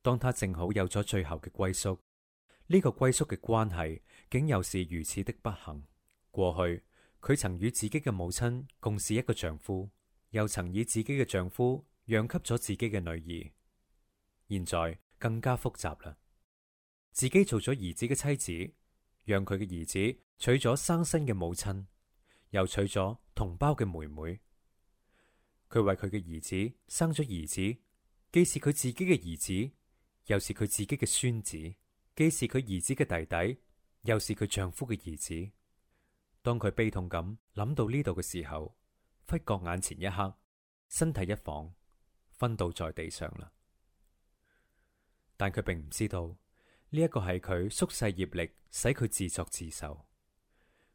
當他正好有咗最後嘅歸宿，呢、這個歸宿嘅關係竟又是如此的不幸。過去佢曾與自己嘅母親共侍一個丈夫，又曾以自己嘅丈夫讓給咗自己嘅女兒。現在更加複雜啦。自己做咗兒子嘅妻子，讓佢嘅兒子娶咗生身嘅母親，又娶咗同胞嘅妹妹。佢為佢嘅兒子生咗兒子，既是佢自己嘅兒子，又是佢自己嘅孫子，既是佢兒子嘅弟弟，又是佢丈夫嘅兒子。當佢悲痛咁諗到呢度嘅時候，忽覺眼前一黑，身體一晃，昏倒在地上啦。但佢並唔知道呢一個係佢宿世業力，使佢自作自受。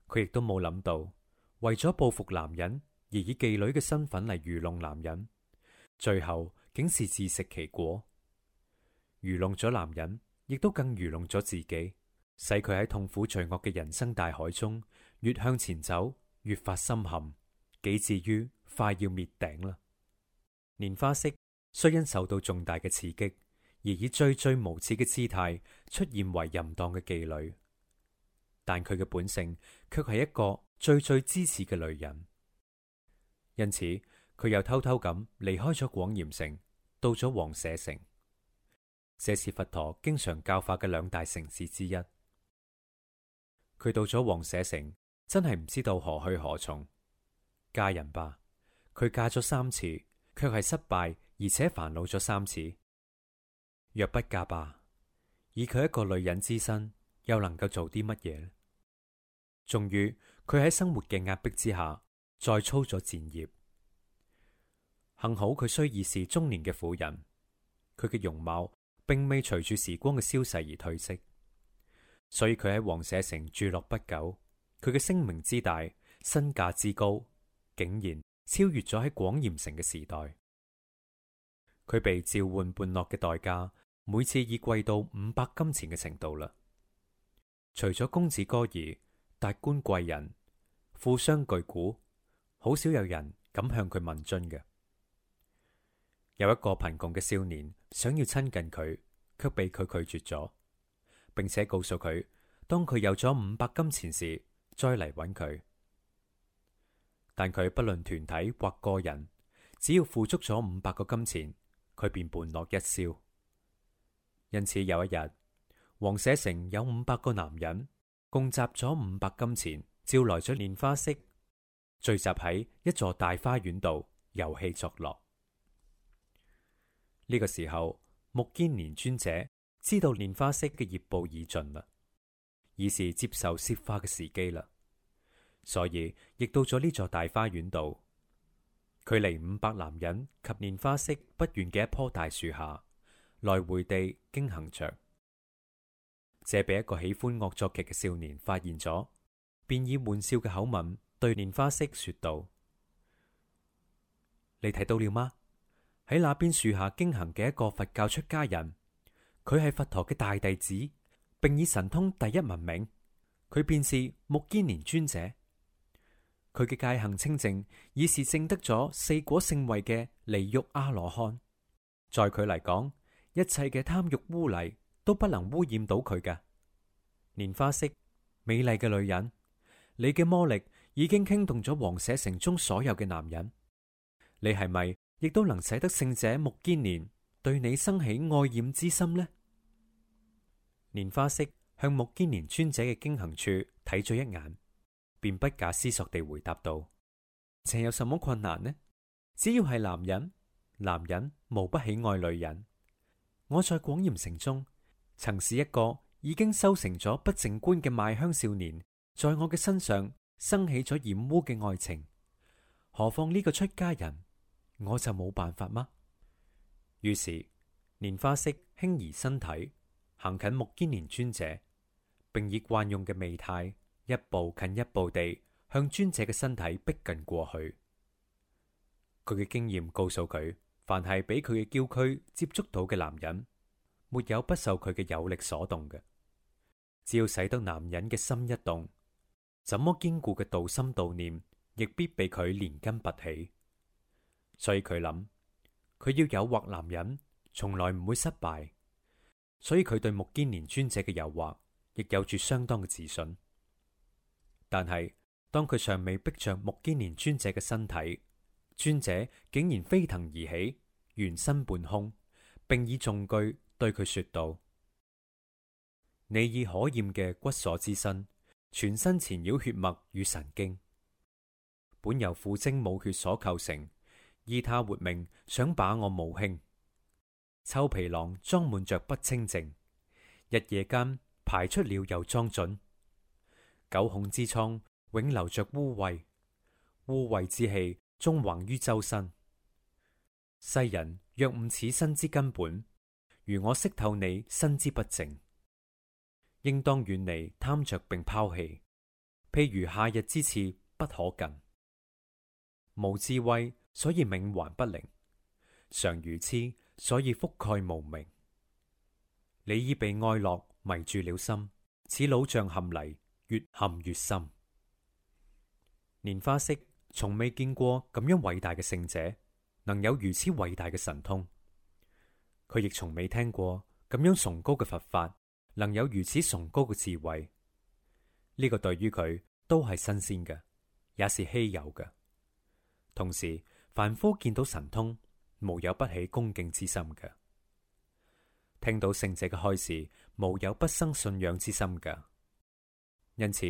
佢亦都冇諗到，為咗報復男人而以妓女嘅身份嚟愚弄男人，最後竟是自食其果，愚弄咗男人，亦都更愚弄咗自己，使佢喺痛苦罪惡嘅人生大海中越向前走，越發深陷，幾至於快要滅頂啦。蓮華色雖因受到重大嘅刺激，而以最最無恥嘅姿態出現為淫蕩嘅妓女，但佢嘅本性卻係一個最最支持嘅女人，因此佢又偷偷咁離開咗廣嚴城，到咗王舍城。這是佛陀經常教化嘅兩大城市之一。佢到咗王舍城，真係唔知道何去何從。人嫁人吧，佢嫁咗三次，卻係失敗，而且煩惱咗三次。若不嫁吧，以佢一個女人之身，又能夠做啲乜嘢呢？終於，佢喺生活嘅壓迫之下，再操咗賤業。幸好佢雖已是中年嘅婦人，佢嘅容貌並未隨住時光嘅消逝而褪色，所以佢喺王舍城住落不久，佢嘅聲名之大、身價之高，竟然超越咗喺廣嚴城嘅時代。佢被召喚半落嘅代價。每次已貴到五百金錢嘅程度啦。除咗公子哥兒、達官貴人、富商巨賈，好少有人敢向佢問津嘅。有一個貧窮嘅少年想要親近佢，卻被佢拒絕咗，並且告訴佢，當佢有咗五百金錢時，再嚟搵佢。但佢不論團體或個人，只要付足咗五百個金錢，佢便伴樂一笑。因此有一日，王舍城有五百個男人共集咗五百金錢，召來咗蓮華色，聚集喺一座大花園度遊戲作樂。呢、這個時候，目犍連尊者知道蓮華色嘅業報已盡啦，已是接受攝化嘅時機啦，所以亦到咗呢座大花園度，距離五百男人及蓮華色不遠嘅一棵大樹下。來回地經行着，這被一個喜歡惡作劇嘅少年發現咗，便以玩笑嘅口吻對蓮花色說道：你睇到了嗎？喺那邊樹下經行嘅一個佛教出家人，佢係佛陀嘅大弟子，並以神通第一聞名。佢便是目犍連尊者，佢嘅戒行清淨，已是證得咗四果聖位嘅離欲阿羅漢。在佢嚟講，一切嘅貪欲污泥都不能污染到佢嘅。蓮花色，美麗嘅女人。你嘅魔力已經傾動咗王舍城中所有嘅男人，你係咪亦都能使得聖者目犍連對你生起愛染之心呢？蓮花色向目犍連尊者嘅經行處睇咗一眼，便不假思索地回答道：情有什麼困難呢？只要係男人，男人無不喜愛女人。我在廣嚴城中，曾是一個已經修成咗不淨觀嘅賣香少年，在我嘅身上生起咗染污嘅愛情。何況呢個出家人，我就冇辦法嗎？於是蓮華色輕移身體，行近目犍連尊者，並以慣用嘅媚態，一步近一步地向尊者嘅身體逼近過去。佢嘅經驗告訴佢。凡係俾佢嘅嬌軀接觸到嘅男人，沒有不受佢嘅有力所動嘅。只要使得男人嘅心一動，怎麼堅固嘅道心道念，亦必被佢連根拔起。所以佢諗，佢要誘惑男人，從來唔會失敗。所以佢對目犍連尊者嘅誘惑，亦有住相當嘅自信。但係當佢尚未逼着目犍連尊者嘅身體。尊者竟然飛騰而起，懸身半空，並以重句對佢說道： 你以可厭嘅骨鎖之身，全身纏繞血脈與神經，本由父精母血所構成。以他活命，想把我無興臭皮囊裝滿着不清淨，日夜間排出了又裝准九孔之倉，永留着污穢污穢之氣。中橫於周身，世人若悟此身之根本，如我識透你身之不正，應當遠離貪着並拋棄。譬如夏日之刺不可近，無智慧所以冥頑不靈，常如痴所以覆蓋無明。你已被愛樂迷住了心，此老象陷泥，越陷越深。蓮花色。從未見過咁樣偉大嘅聖者，能有如此偉大嘅神通。佢亦從未聽過咁樣崇高嘅佛法，能有如此崇高嘅智慧。呢個對於佢都係新鮮嘅，也是稀有嘅。同時，凡夫見到神通，無有不起恭敬之心嘅；聽到聖者嘅開示，無有不生信仰之心嘅。因此，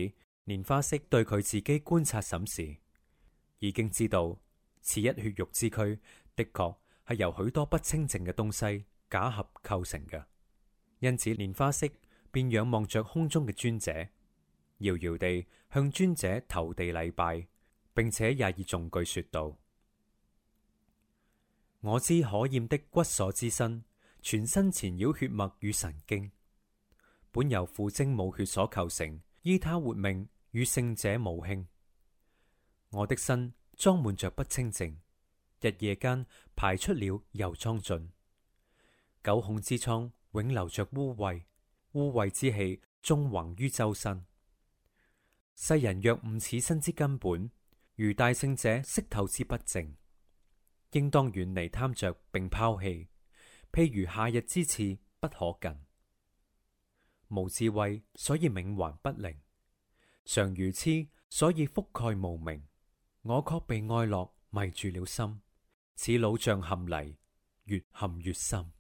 蓮華色對佢自己觀察審視。已經知道此一血肉之軀的確係由許多不清淨嘅東西假合構成嘅，因此蓮花色便仰望着空中嘅尊者，遙遙地向尊者投地禮拜，並且也以重句說道：我知可厭的骨鎖之身，全身纏繞血脈與神經，本由父精母血所構成，依他活命與聖者無慶。我的身裝滿着不清淨，日夜間排出了又裝進，九孔之倉永留着污穢，污穢之氣縱橫於周身。世人若悟此身之根本，如大聖者識透之不淨，應當遠離貪着並拋棄，譬如夏日之刺不可近。無智慧所以冥頑不靈，常如痴所以覆蓋無明。我卻被愛樂迷住了心，似老象陷泥，越陷越深。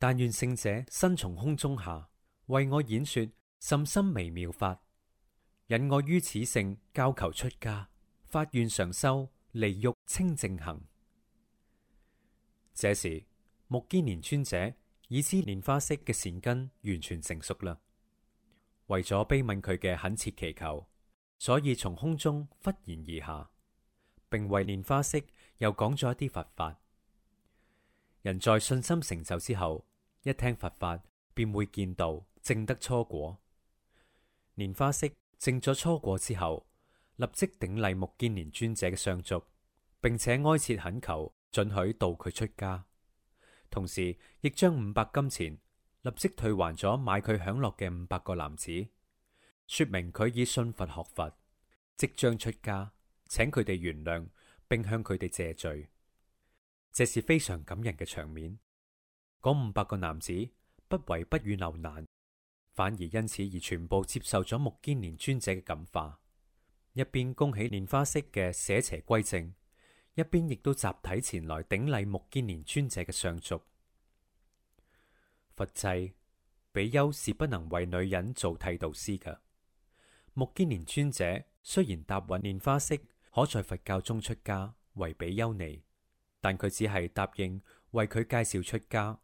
但願聖者身從空中下，為我演說甚深微妙法，引我於此聖教求出家，發願常修離欲清淨行。這時目犍連尊者已知蓮花色嘅善根完全成熟啦，為咗悲憫佢嘅懇切祈求。所以從空中忽然而下，並為蓮華色，又講咗一啲佛法。人在信心成就之後，一聽佛法，便會見到證得初果。蓮華色證咗初果之後，立即頂禮目犍連尊者嘅上足，並且哀切懇求，准許度佢出家。同時，亦將五百金錢立即退還咗買佢享樂嘅五百個男子。說明佢已信佛學佛，即將出家，請佢哋原諒，並向佢哋謝罪，這是非常感人嘅場面。嗰五百個男子不為不與留難，反而因此而全部接受咗目犍連尊者嘅感化，一邊恭喜蓮華色嘅捨邪歸正，一邊亦都集體前來頂禮目犍連尊者嘅上俗。佛制比丘是不能為女人做剃度師嘅。木犍連尊者雖然答應蓮華色，可在佛教中出家為比丘尼，但佢只係答應為佢介紹出家，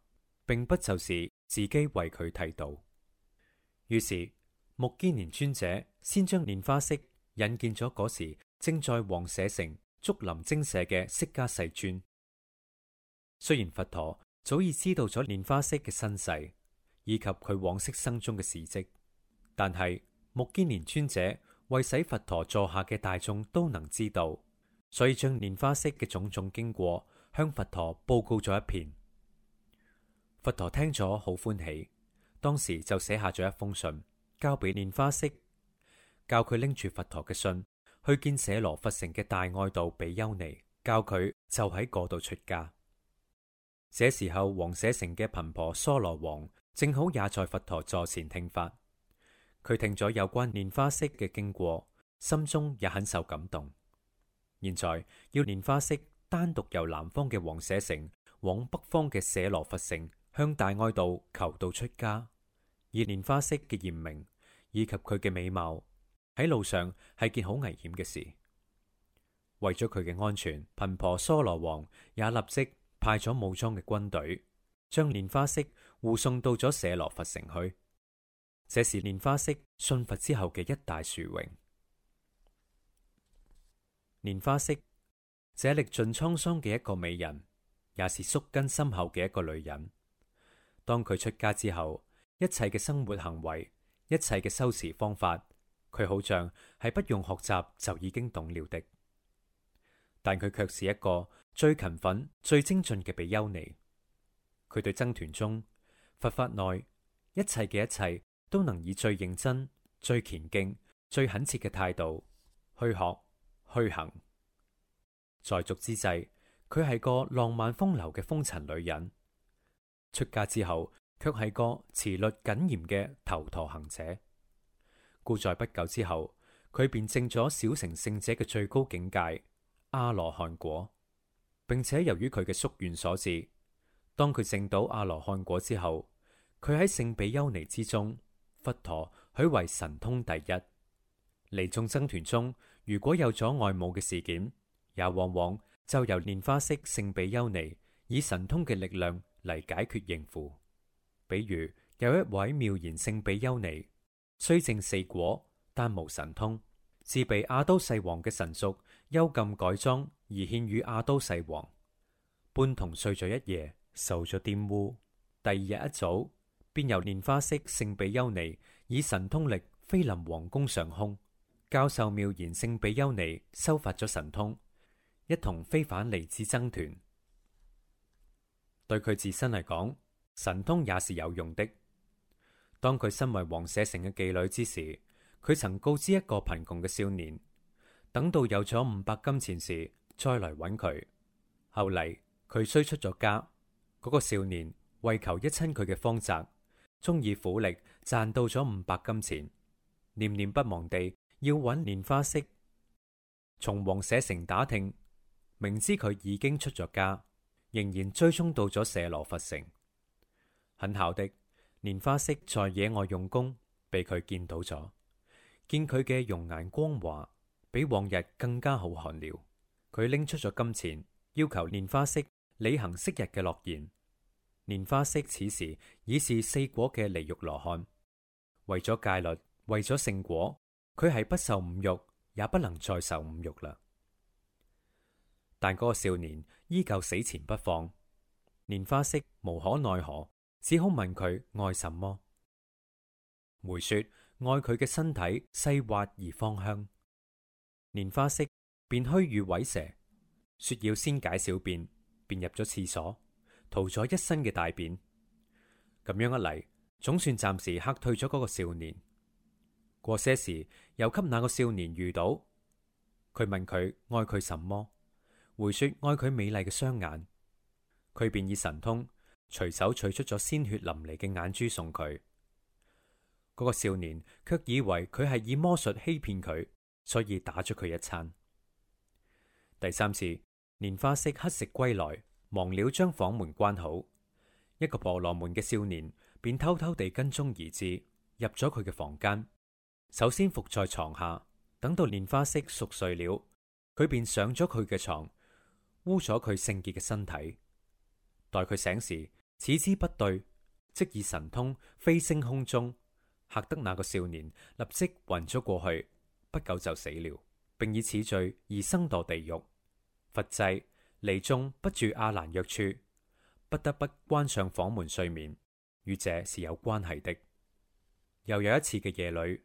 並不就是自己為佢剃度。於是木犍連尊者先將蓮華色引見咗嗰時正在王舍城竹林精舍嘅釋迦世尊。雖然佛陀早已知道咗蓮華色嘅身世以及佢往昔生中嘅事跡，但係。木堅連尊者為使佛陀座下嘅大眾都能知道，所以將蓮華色嘅種種經過向佛陀報告咗一遍。佛陀聽咗好歡喜，當時就寫下咗一封信，交俾蓮華色，教佢拎住佛陀嘅信去見舍羅佛城嘅大愛道比丘尼，教佢就喺嗰度出家。這時候，王舍城嘅頻婆娑羅王正好也在佛陀座前聽法。佢聽咗有關蓮華色嘅經過，心中也很受感動。現在要蓮華色單獨由南方嘅王舍城往北方嘅舍羅佛城向大愛道求道出家，而蓮華色嘅嚴明以及佢嘅美貌喺路上係件好危險嘅事。為咗佢嘅安全，頻婆娑羅王也立即派咗武裝嘅軍隊，將蓮華色護送到咗舍羅佛城去。這是蓮華色信佛之後嘅一大殊榮。蓮華色，這歷盡滄桑嘅一個美人，也是宿根深厚嘅一個女人。當佢出家之後，一切嘅生活行爲，一切嘅修持方法，佢好像係不用學習就已經懂了的。但佢卻是一個最勤奮、最精進嘅比丘尼。佢對僧團中佛法內一切嘅一切。都能以最認真、最虔敬、最懇切嘅態度去學去行。在俗之際，佢係個浪漫風流嘅風塵女人；出嫁之後，卻係個持律謹嚴嘅頭陀行者。故在不久之後，佢便證咗小乘聖者嘅最高境界阿羅漢果，並且由於佢嘅夙願所致，當佢證到阿羅漢果之後，佢喺聖比丘尼之中。佛陀許為神通第一，嚟，眾僧團中如果有咗外母嘅事件，也往往就由蓮華色聖比丘尼以神通嘅力量嚟解決應付。比如有一位妙言聖比丘尼，雖證四果，但無神通，是被阿闍世王嘅神屬幽禁改裝而獻予阿闍世王，半同睡咗一夜，受咗玷污。第二日一早，便由蓮華色聖比丘尼以神通力飛臨皇宮上空，教授妙言聖比丘尼修法咗神通，一同飛返嚟至僧團。對佢自身嚟講，神通也是有用的。當佢身為王舍城嘅妓女之時，佢曾告知一個貧窮嘅少年，等到有咗五百金錢時再嚟搵佢。後嚟佢雖出咗家，嗰、那個少年為求一親佢嘅芳澤。鍾意苦力賺到咗五百金錢，念念不忘地要搵蓮華色，從王舍城打聽，明知佢已經出咗家，仍然追蹤到咗舍羅佛城。很巧的，蓮華色在野外用功，被佢見到咗，見佢嘅容顏光華，比往日更加好看了。佢拎出咗金錢，要求蓮華色履行昔日嘅諾言。蓮花色此時已是四果嘅離欲羅漢，為咗戒律，為咗聖果，佢係不受五欲，也不能再受五欲啦。但嗰個少年依舊死纏不放，蓮花色無可奈何，只好問佢愛什麼。梅雪愛佢嘅身體細滑而芳香，蓮花色便虛與委蛇，說要先解小便，便入咗廁所。塗咗一身嘅大便，咁樣一嚟，總算暫時嚇退咗嗰個少年。過些時，又給那個少年遇到，佢問佢愛佢什麼，回說愛佢美麗嘅雙眼，佢便以神通隨手取出咗鮮血淋漓嘅眼珠送佢。嗰、那個少年卻以為佢係以魔術欺騙佢，所以打咗佢一餐。第三次，蓮花色乞食歸來。忘了將房門關好，一個婆羅門嘅少年便偷偷地跟蹤而至，入咗佢嘅房間。首先伏在床下，等到蓮花色熟睡了，佢便上咗佢嘅床，污咗佢聖潔嘅身體。待佢醒時，始知不對，即以神通飛升空中，嚇得那個少年立即暈咗過去，不久就死了，並以此罪而生墮地獄。佛制。離中不住阿蘭若處，不得不關上房門睡眠，與這是有關係的。又有一次嘅夜裏，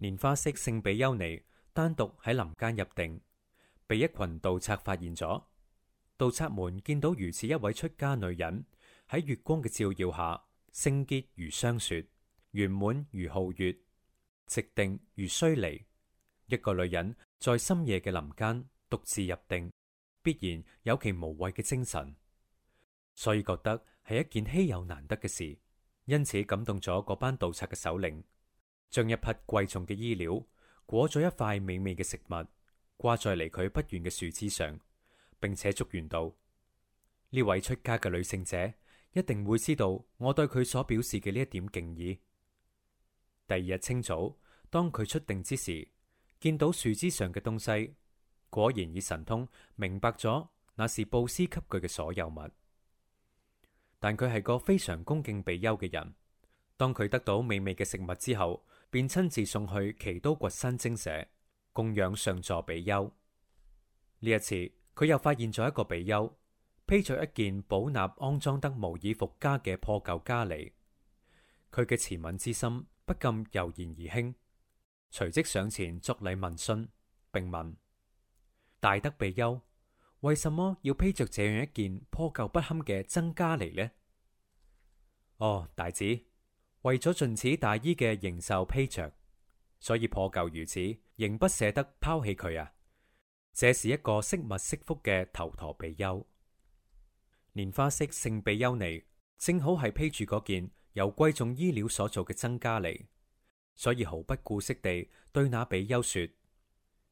蓮花色聖比丘尼單獨喺林間入定，被一群盜賊發現咗。盜賊們見到如此一位出家女人喺月光嘅照耀下，聖潔如霜雪，圓滿如皓月，直定如須彌。一個女人在深夜嘅林間獨自入定，必然有其無畏嘅精神，所以覺得係一件稀有難得嘅事，因此感動咗嗰班盜賊嘅首領，將一匹貴重嘅衣料裹咗一塊美味嘅食物，掛在離佢不遠嘅樹枝上，並且祝願道：呢位出家嘅女性者，一定會知道我對佢所表示嘅呢一點敬意。第二日清早，當佢出定之時，見到樹枝上嘅東西。果然以神通明白咗，那是布施給佢嘅所有物。但佢係個非常恭敬比丘嘅人。當佢得到美味嘅食物之後，便親自送去奇都掘山精舍供養上座比丘。呢一次，佢又發現咗一個比丘披着一件寶納骯髒得無以復加嘅破舊家里，佢嘅慈憫之心不禁油然而興，隨即上前作禮問訊，並問。大德比丘，為什麼要披着這樣一件破舊不堪嘅僧伽梨呢？哦，大姊，為咗盡此大衣嘅形壽披着，所以破舊如此，仍不捨得拋棄佢啊！這是一個惜物惜福嘅頭陀比丘，蓮華色聖比丘尼，正好係披住嗰件由貴重衣料所做嘅僧伽梨，所以毫不顧惜地對那比丘說：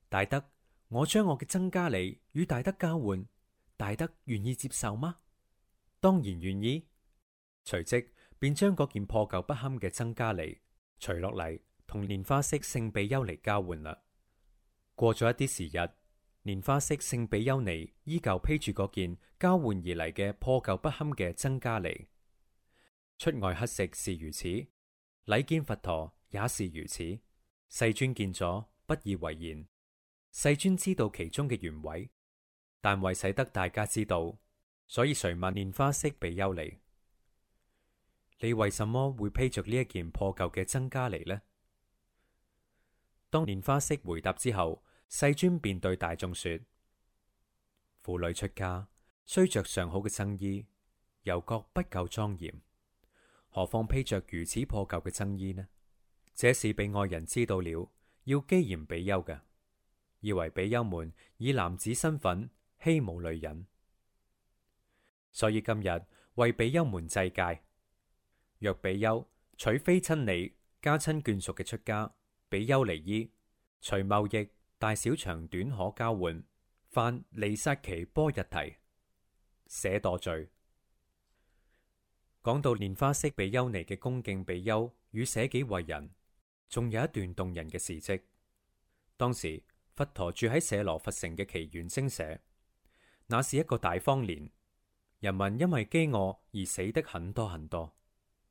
大德。我將我嘅僧伽梨與大德交換，大德願意接受嗎？當然願意。隨即便將嗰件破舊不堪嘅僧伽梨除落嚟，同蓮華色聖比丘尼交換啦。過咗一啲時日，蓮華色聖比丘尼依舊披住嗰件交換而嚟嘅破舊不堪嘅僧伽梨。出外乞食是如此，禮見佛陀也是如此。世尊見咗，不以為然。世尊知道其中嘅原委，但為使得大家知道，所以隨問蓮花色比丘尼：你為什麼會披着呢一件破舊嘅僧伽梨呢？當蓮花色回答之後，世尊便對大眾說：婦女出家，雖着上好嘅僧衣，猶覺不夠莊嚴，何況披着如此破舊嘅僧衣呢？這是被外人知道了，要譏嫌比丘噶。以為比丘們以男子身份欺侮女人，所以今日為比丘們制戒：若比丘取非親你家親眷屬嘅出家比丘尼依，除貿易大小長短可交換，犯利沙奇波日提捨墮罪。講到蓮花色比丘尼嘅恭敬比丘與捨己為人，仲有一段動人嘅事跡。當時。佛陀住喺舍羅佛城嘅祇園精舍，那是一個大荒年，人民因為飢餓而死得很多很多。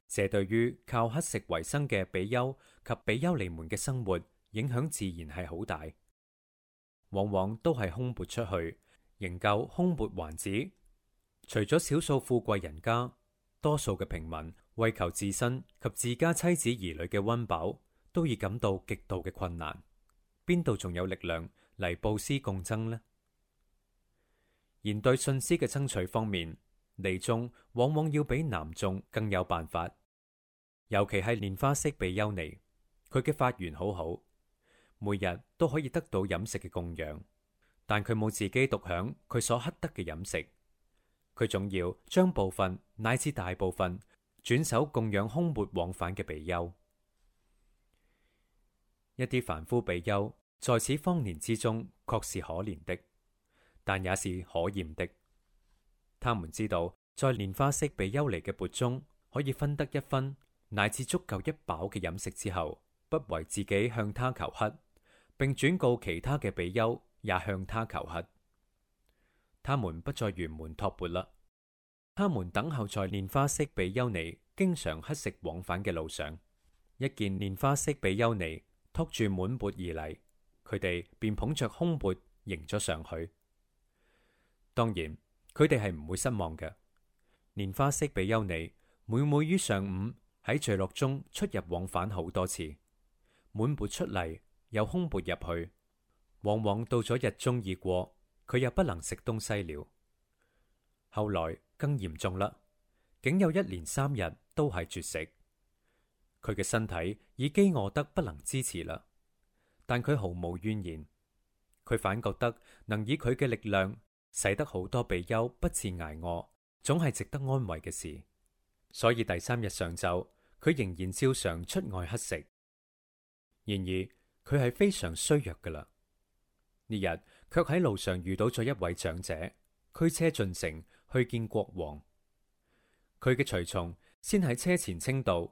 這對於靠乞食為生嘅比丘及比丘尼們嘅生活影響自然係好大，往往都係空鉢出去，仍夠空鉢還子。除咗少數富貴人家，多數嘅平民為求自身及自家妻子兒女嘅溫飽，都已感到極度嘅困難。邊度仲有力量嚟布施共爭呢？而對信師嘅爭取方面，尼眾往往要比男眾更有辦法，尤其係蓮花色比丘尼，佢嘅發源好好，每日都可以得到飲食嘅供養，但佢冇自己獨享佢所乞得嘅飲食，佢仲要將部分乃至大部分轉手供養空缽往返嘅比丘。一啲凡夫比丘在此荒年之中，確是可憐的，但也是可厭的。他們知道，在蓮華色比丘尼嘅缽中可以分得一分乃至足夠一飽嘅飲食之後，不為自己向他求乞，並轉告其他嘅比丘也向他求乞。他們不再圓滿托缽啦，他們等候在蓮華色比丘尼經常乞食往返嘅路上，一見蓮華色比丘尼，托住滿缽而嚟，佢哋便捧著空缽迎咗上去。當然，佢哋係唔會失望嘅。蓮花色比丘尼每每於上午喺聚落中出入往返好多次，滿缽出嚟，又空缽入去，往往到咗日中已過，佢又不能食東西了。後來更嚴重啦，竟有一連三日都係絕食。佢嘅身體已飢餓得不能支持啦，但佢毫無怨言。佢反覺得能以佢嘅力量使得好多比丘不致捱餓，總係值得安慰嘅事。所以第三日上晝，佢仍然照常出外乞食。然而佢係非常衰弱噶啦。呢日卻喺路上遇到咗一位長者，驅車進城去見國王。佢嘅隨從先喺車前清道。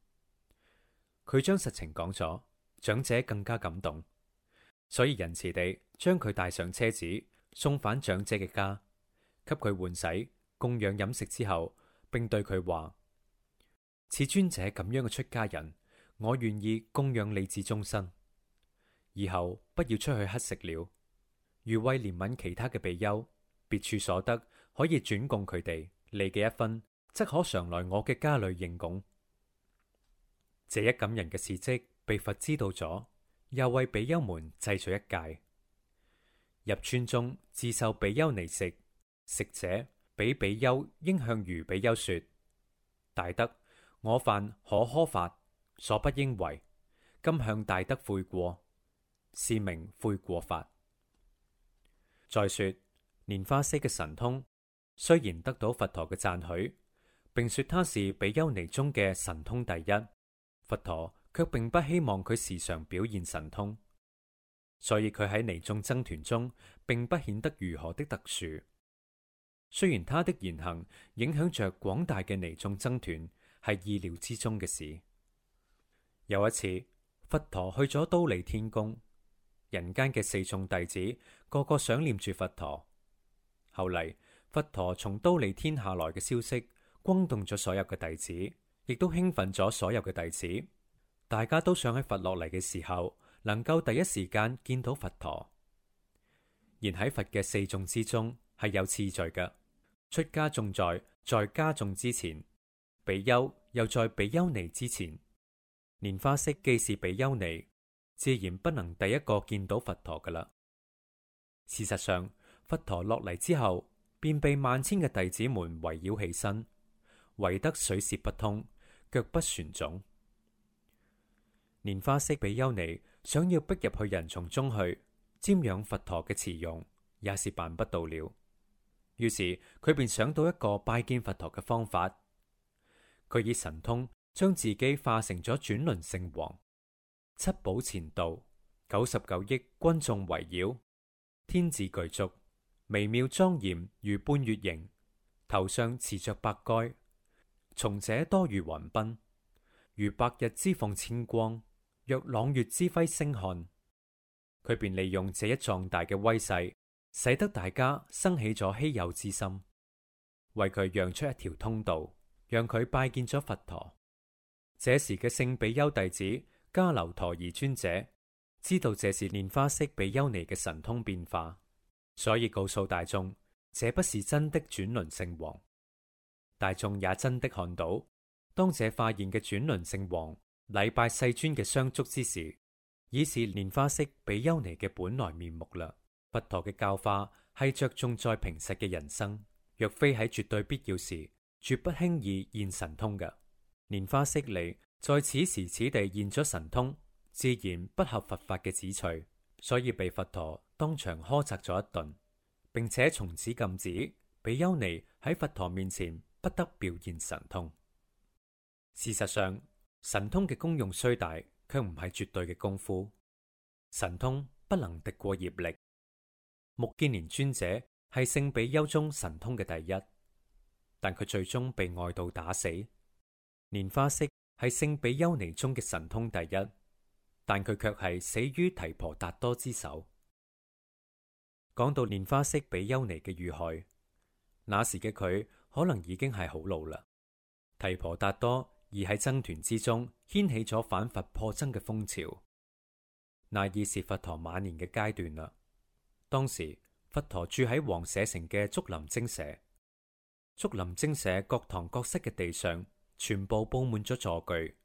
佢將實情講咗，長者更加感動，所以仁慈地將佢帶上車子，送返長者嘅家，給佢換洗、供養飲食之後，並對佢話：似尊者咁樣嘅出家人，我願意供養你至終身，以後不要出去乞食了。如為憐憫其他嘅比丘，別處所得可以轉供佢哋，你嘅一分則可常來我嘅家裏應供。這一感人嘅事蹟被佛知道咗，又為比丘們制造一戒。入村中自受比丘尼食，食者比比丘應向如比丘說：大德，我犯可呵法，所不應為。今向大德悔過，是名悔過法。再說蓮花色嘅神通，雖然得到佛陀嘅讚許，並說他是比丘尼中嘅神通第一。佛陀卻並不希望佢時常表現神通，所以佢喺尼眾僧團中並不顯得如何的特殊。雖然他的言行影響着廣大嘅尼眾僧團，係意料之中嘅事。有一次，佛陀去咗忉利天宮，人間嘅四眾弟子個個想念住佛陀。後嚟，佛陀從忉利天下來嘅消息，轟動咗所有嘅弟子。亦都興奮咗所有嘅弟子，大家都想喺佛落嚟嘅時候，能夠第一時間見到佛陀。然喺佛嘅四眾之中，係有次序嘅：出家眾在在家眾之前，比丘又在比丘尼之前。蓮華色既是比丘尼，自然不能第一個見到佛陀㗎喇。事實上，佛陀落嚟之後，便被萬千嘅弟子們圍繞起身。圍得水洩不通，腳不旋踵。蓮花色比丘尼想要逼入去人叢中去瞻仰佛陀嘅慈容，也是辦不到了。於是佢便想到一個拜見佛陀嘅方法。佢以神通將自己化成咗轉輪聖王，七寶前導，九十九億軍眾圍繞，天子具足微妙莊嚴，如半月形，頭上持着白蓋。從者多如雲賓，如白日之放千光，若朗月之輝星漢。佢便利用這一壯大嘅威勢，使得大家生起咗稀有之心，為佢讓出一條通道，讓佢拜見咗佛陀。這時嘅聖比丘弟子迦留陀夷尊者知道這是蓮花色比丘尼嘅神通變化，所以告訴大眾，這不是真的轉輪聖王。大眾也真的看到，當這化現嘅轉輪聖王禮拜世尊嘅雙足之時，已是蓮花色比丘尼嘅本來面目啦。佛陀嘅教化係着重在平實嘅人生，若非喺絕對必要時，絕不輕易現神通嘅。蓮花色尼在此時此地現咗神通，自然不合佛法嘅旨趣，所以被佛陀當場苛責咗一頓，並且從此禁止比丘尼喺佛陀面前，不得表現神通。事實上，神通嘅功用雖大，卻唔係絕對嘅功夫。神通不能敵過業力。目犍連尊者係聖比丘中神通嘅第一，但佢最終被外道打死。蓮華色係聖比丘尼中嘅神通第一，但佢卻係死於提婆達多之手。講到蓮華色比丘尼嘅遇害，那時嘅佢。可能已經係好老啦。提婆達多而喺僧團之中掀起咗反佛破僧嘅風潮。那已是佛陀晚年嘅階段啦。當時佛陀住喺王舍城嘅竹林精舍，竹林精舍各堂各室嘅地上全部布滿咗座具，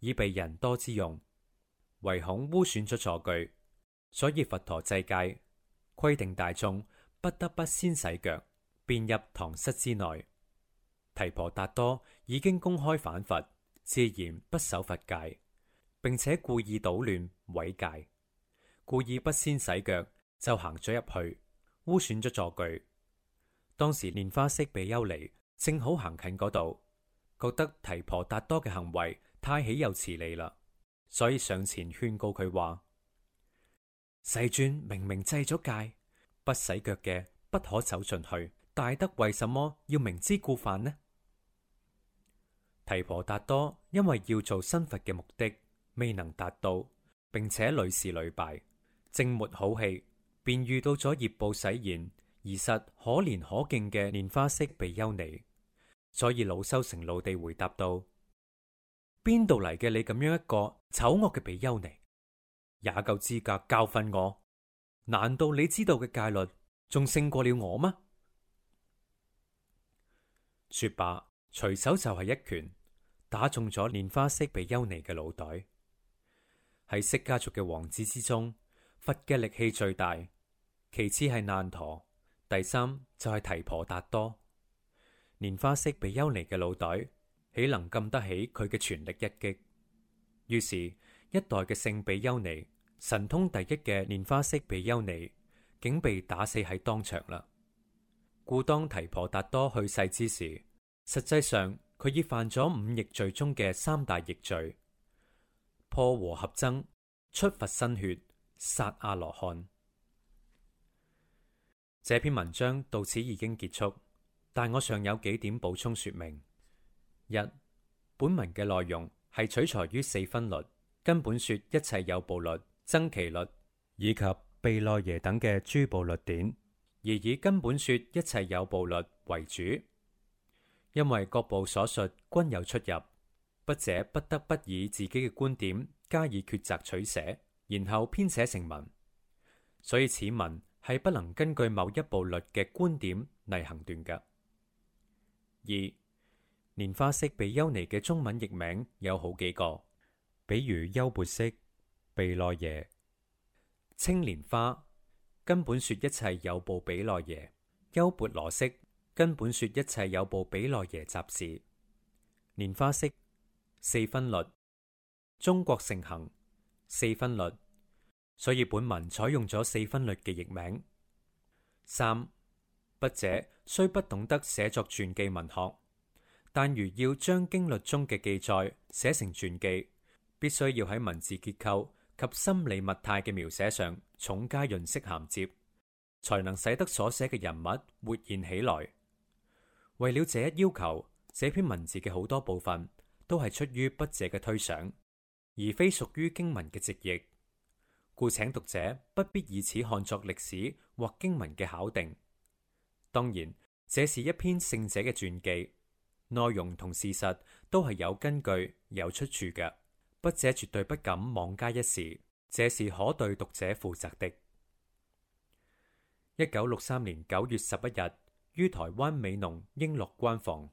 以備人多之用。唯恐污損咗座具，所以佛陀制戒規定大眾不得不先洗腳便入堂室之內，提婆達多已經公開反佛，自然不守佛戒，並且故意搗亂毀戒，故意不先洗腳就行咗入去，污損咗座具。當時蓮花色比丘尼正好行近嗰度，覺得提婆達多嘅行為太豈有此理啦，所以上前勸告佢話：《世尊明明制咗戒，不洗腳嘅不可走進去。》大德為什麼要明知故犯呢？提婆達多因為要做新佛嘅目的未能達到，並且屢試屢敗，正沒好氣，便遇到咗業報使現而實可憐可敬嘅蓮花色比丘尼，所以惱羞成怒地回答道：邊度嚟嘅你咁樣一個醜惡嘅比丘尼，也夠資格教訓我？難道你知道嘅戒律仲勝過了我嗎？說罷，隨手就係一拳打中咗蓮華色比丘尼嘅腦袋。喺釋迦族嘅王子之中，佛嘅力氣最大，其次係難陀，第三就係提婆達多。蓮華色比丘尼嘅腦袋豈能禁得起佢嘅全力一擊？於是，一代嘅聖比丘尼，神通第一嘅蓮華色比丘尼，竟被打死喺當場啦。故當提婆達多去世之時，實際上，佢已犯咗五逆罪中嘅三大逆罪：破和合僧、出佛身血、殺阿羅漢。這篇文章到此已經結束，但我尚有幾點補充說明：一、本文嘅內容係取材於四分律、根本說一切有部律、僧祇律以及毗奈耶等嘅諸部律典，而以根本說一切有部律為主。因為各部所述均有出入，筆者不得不以自己嘅觀點加以抉擇取捨，然後編寫成文。所以此文係不能根據某一部律嘅觀點嚟行斷嘅。二、蓮華色比丘尼嘅中文譯名有好幾個，比如優鉢色、毘奈耶、青蓮花、根本說一切有部毘奈耶、優鉢羅色。根本說一切有部毗奈耶雜事，蓮華色四分律，中國盛行四分律，所以本文採用咗四分律嘅譯名。三筆者雖不懂得寫作傳記文學，但如要將經律中嘅記載寫成傳記，必須要喺文字結構及心理物態嘅描寫上，重加潤色銜接，才能使得所寫嘅人物活現起來。為了這一要求，這篇文字嘅好多部分都係出於筆者嘅推想，而非屬於經文嘅直譯，故請讀者不必以此看作歷史或經文嘅考定。當然，這是一篇聖者嘅傳記，內容同事實都係有根據、有出處嘅，筆者絕對不敢妄加一詞，這是可對讀者負責的。一九六三年九月十一日。於台灣美濃英樂關房。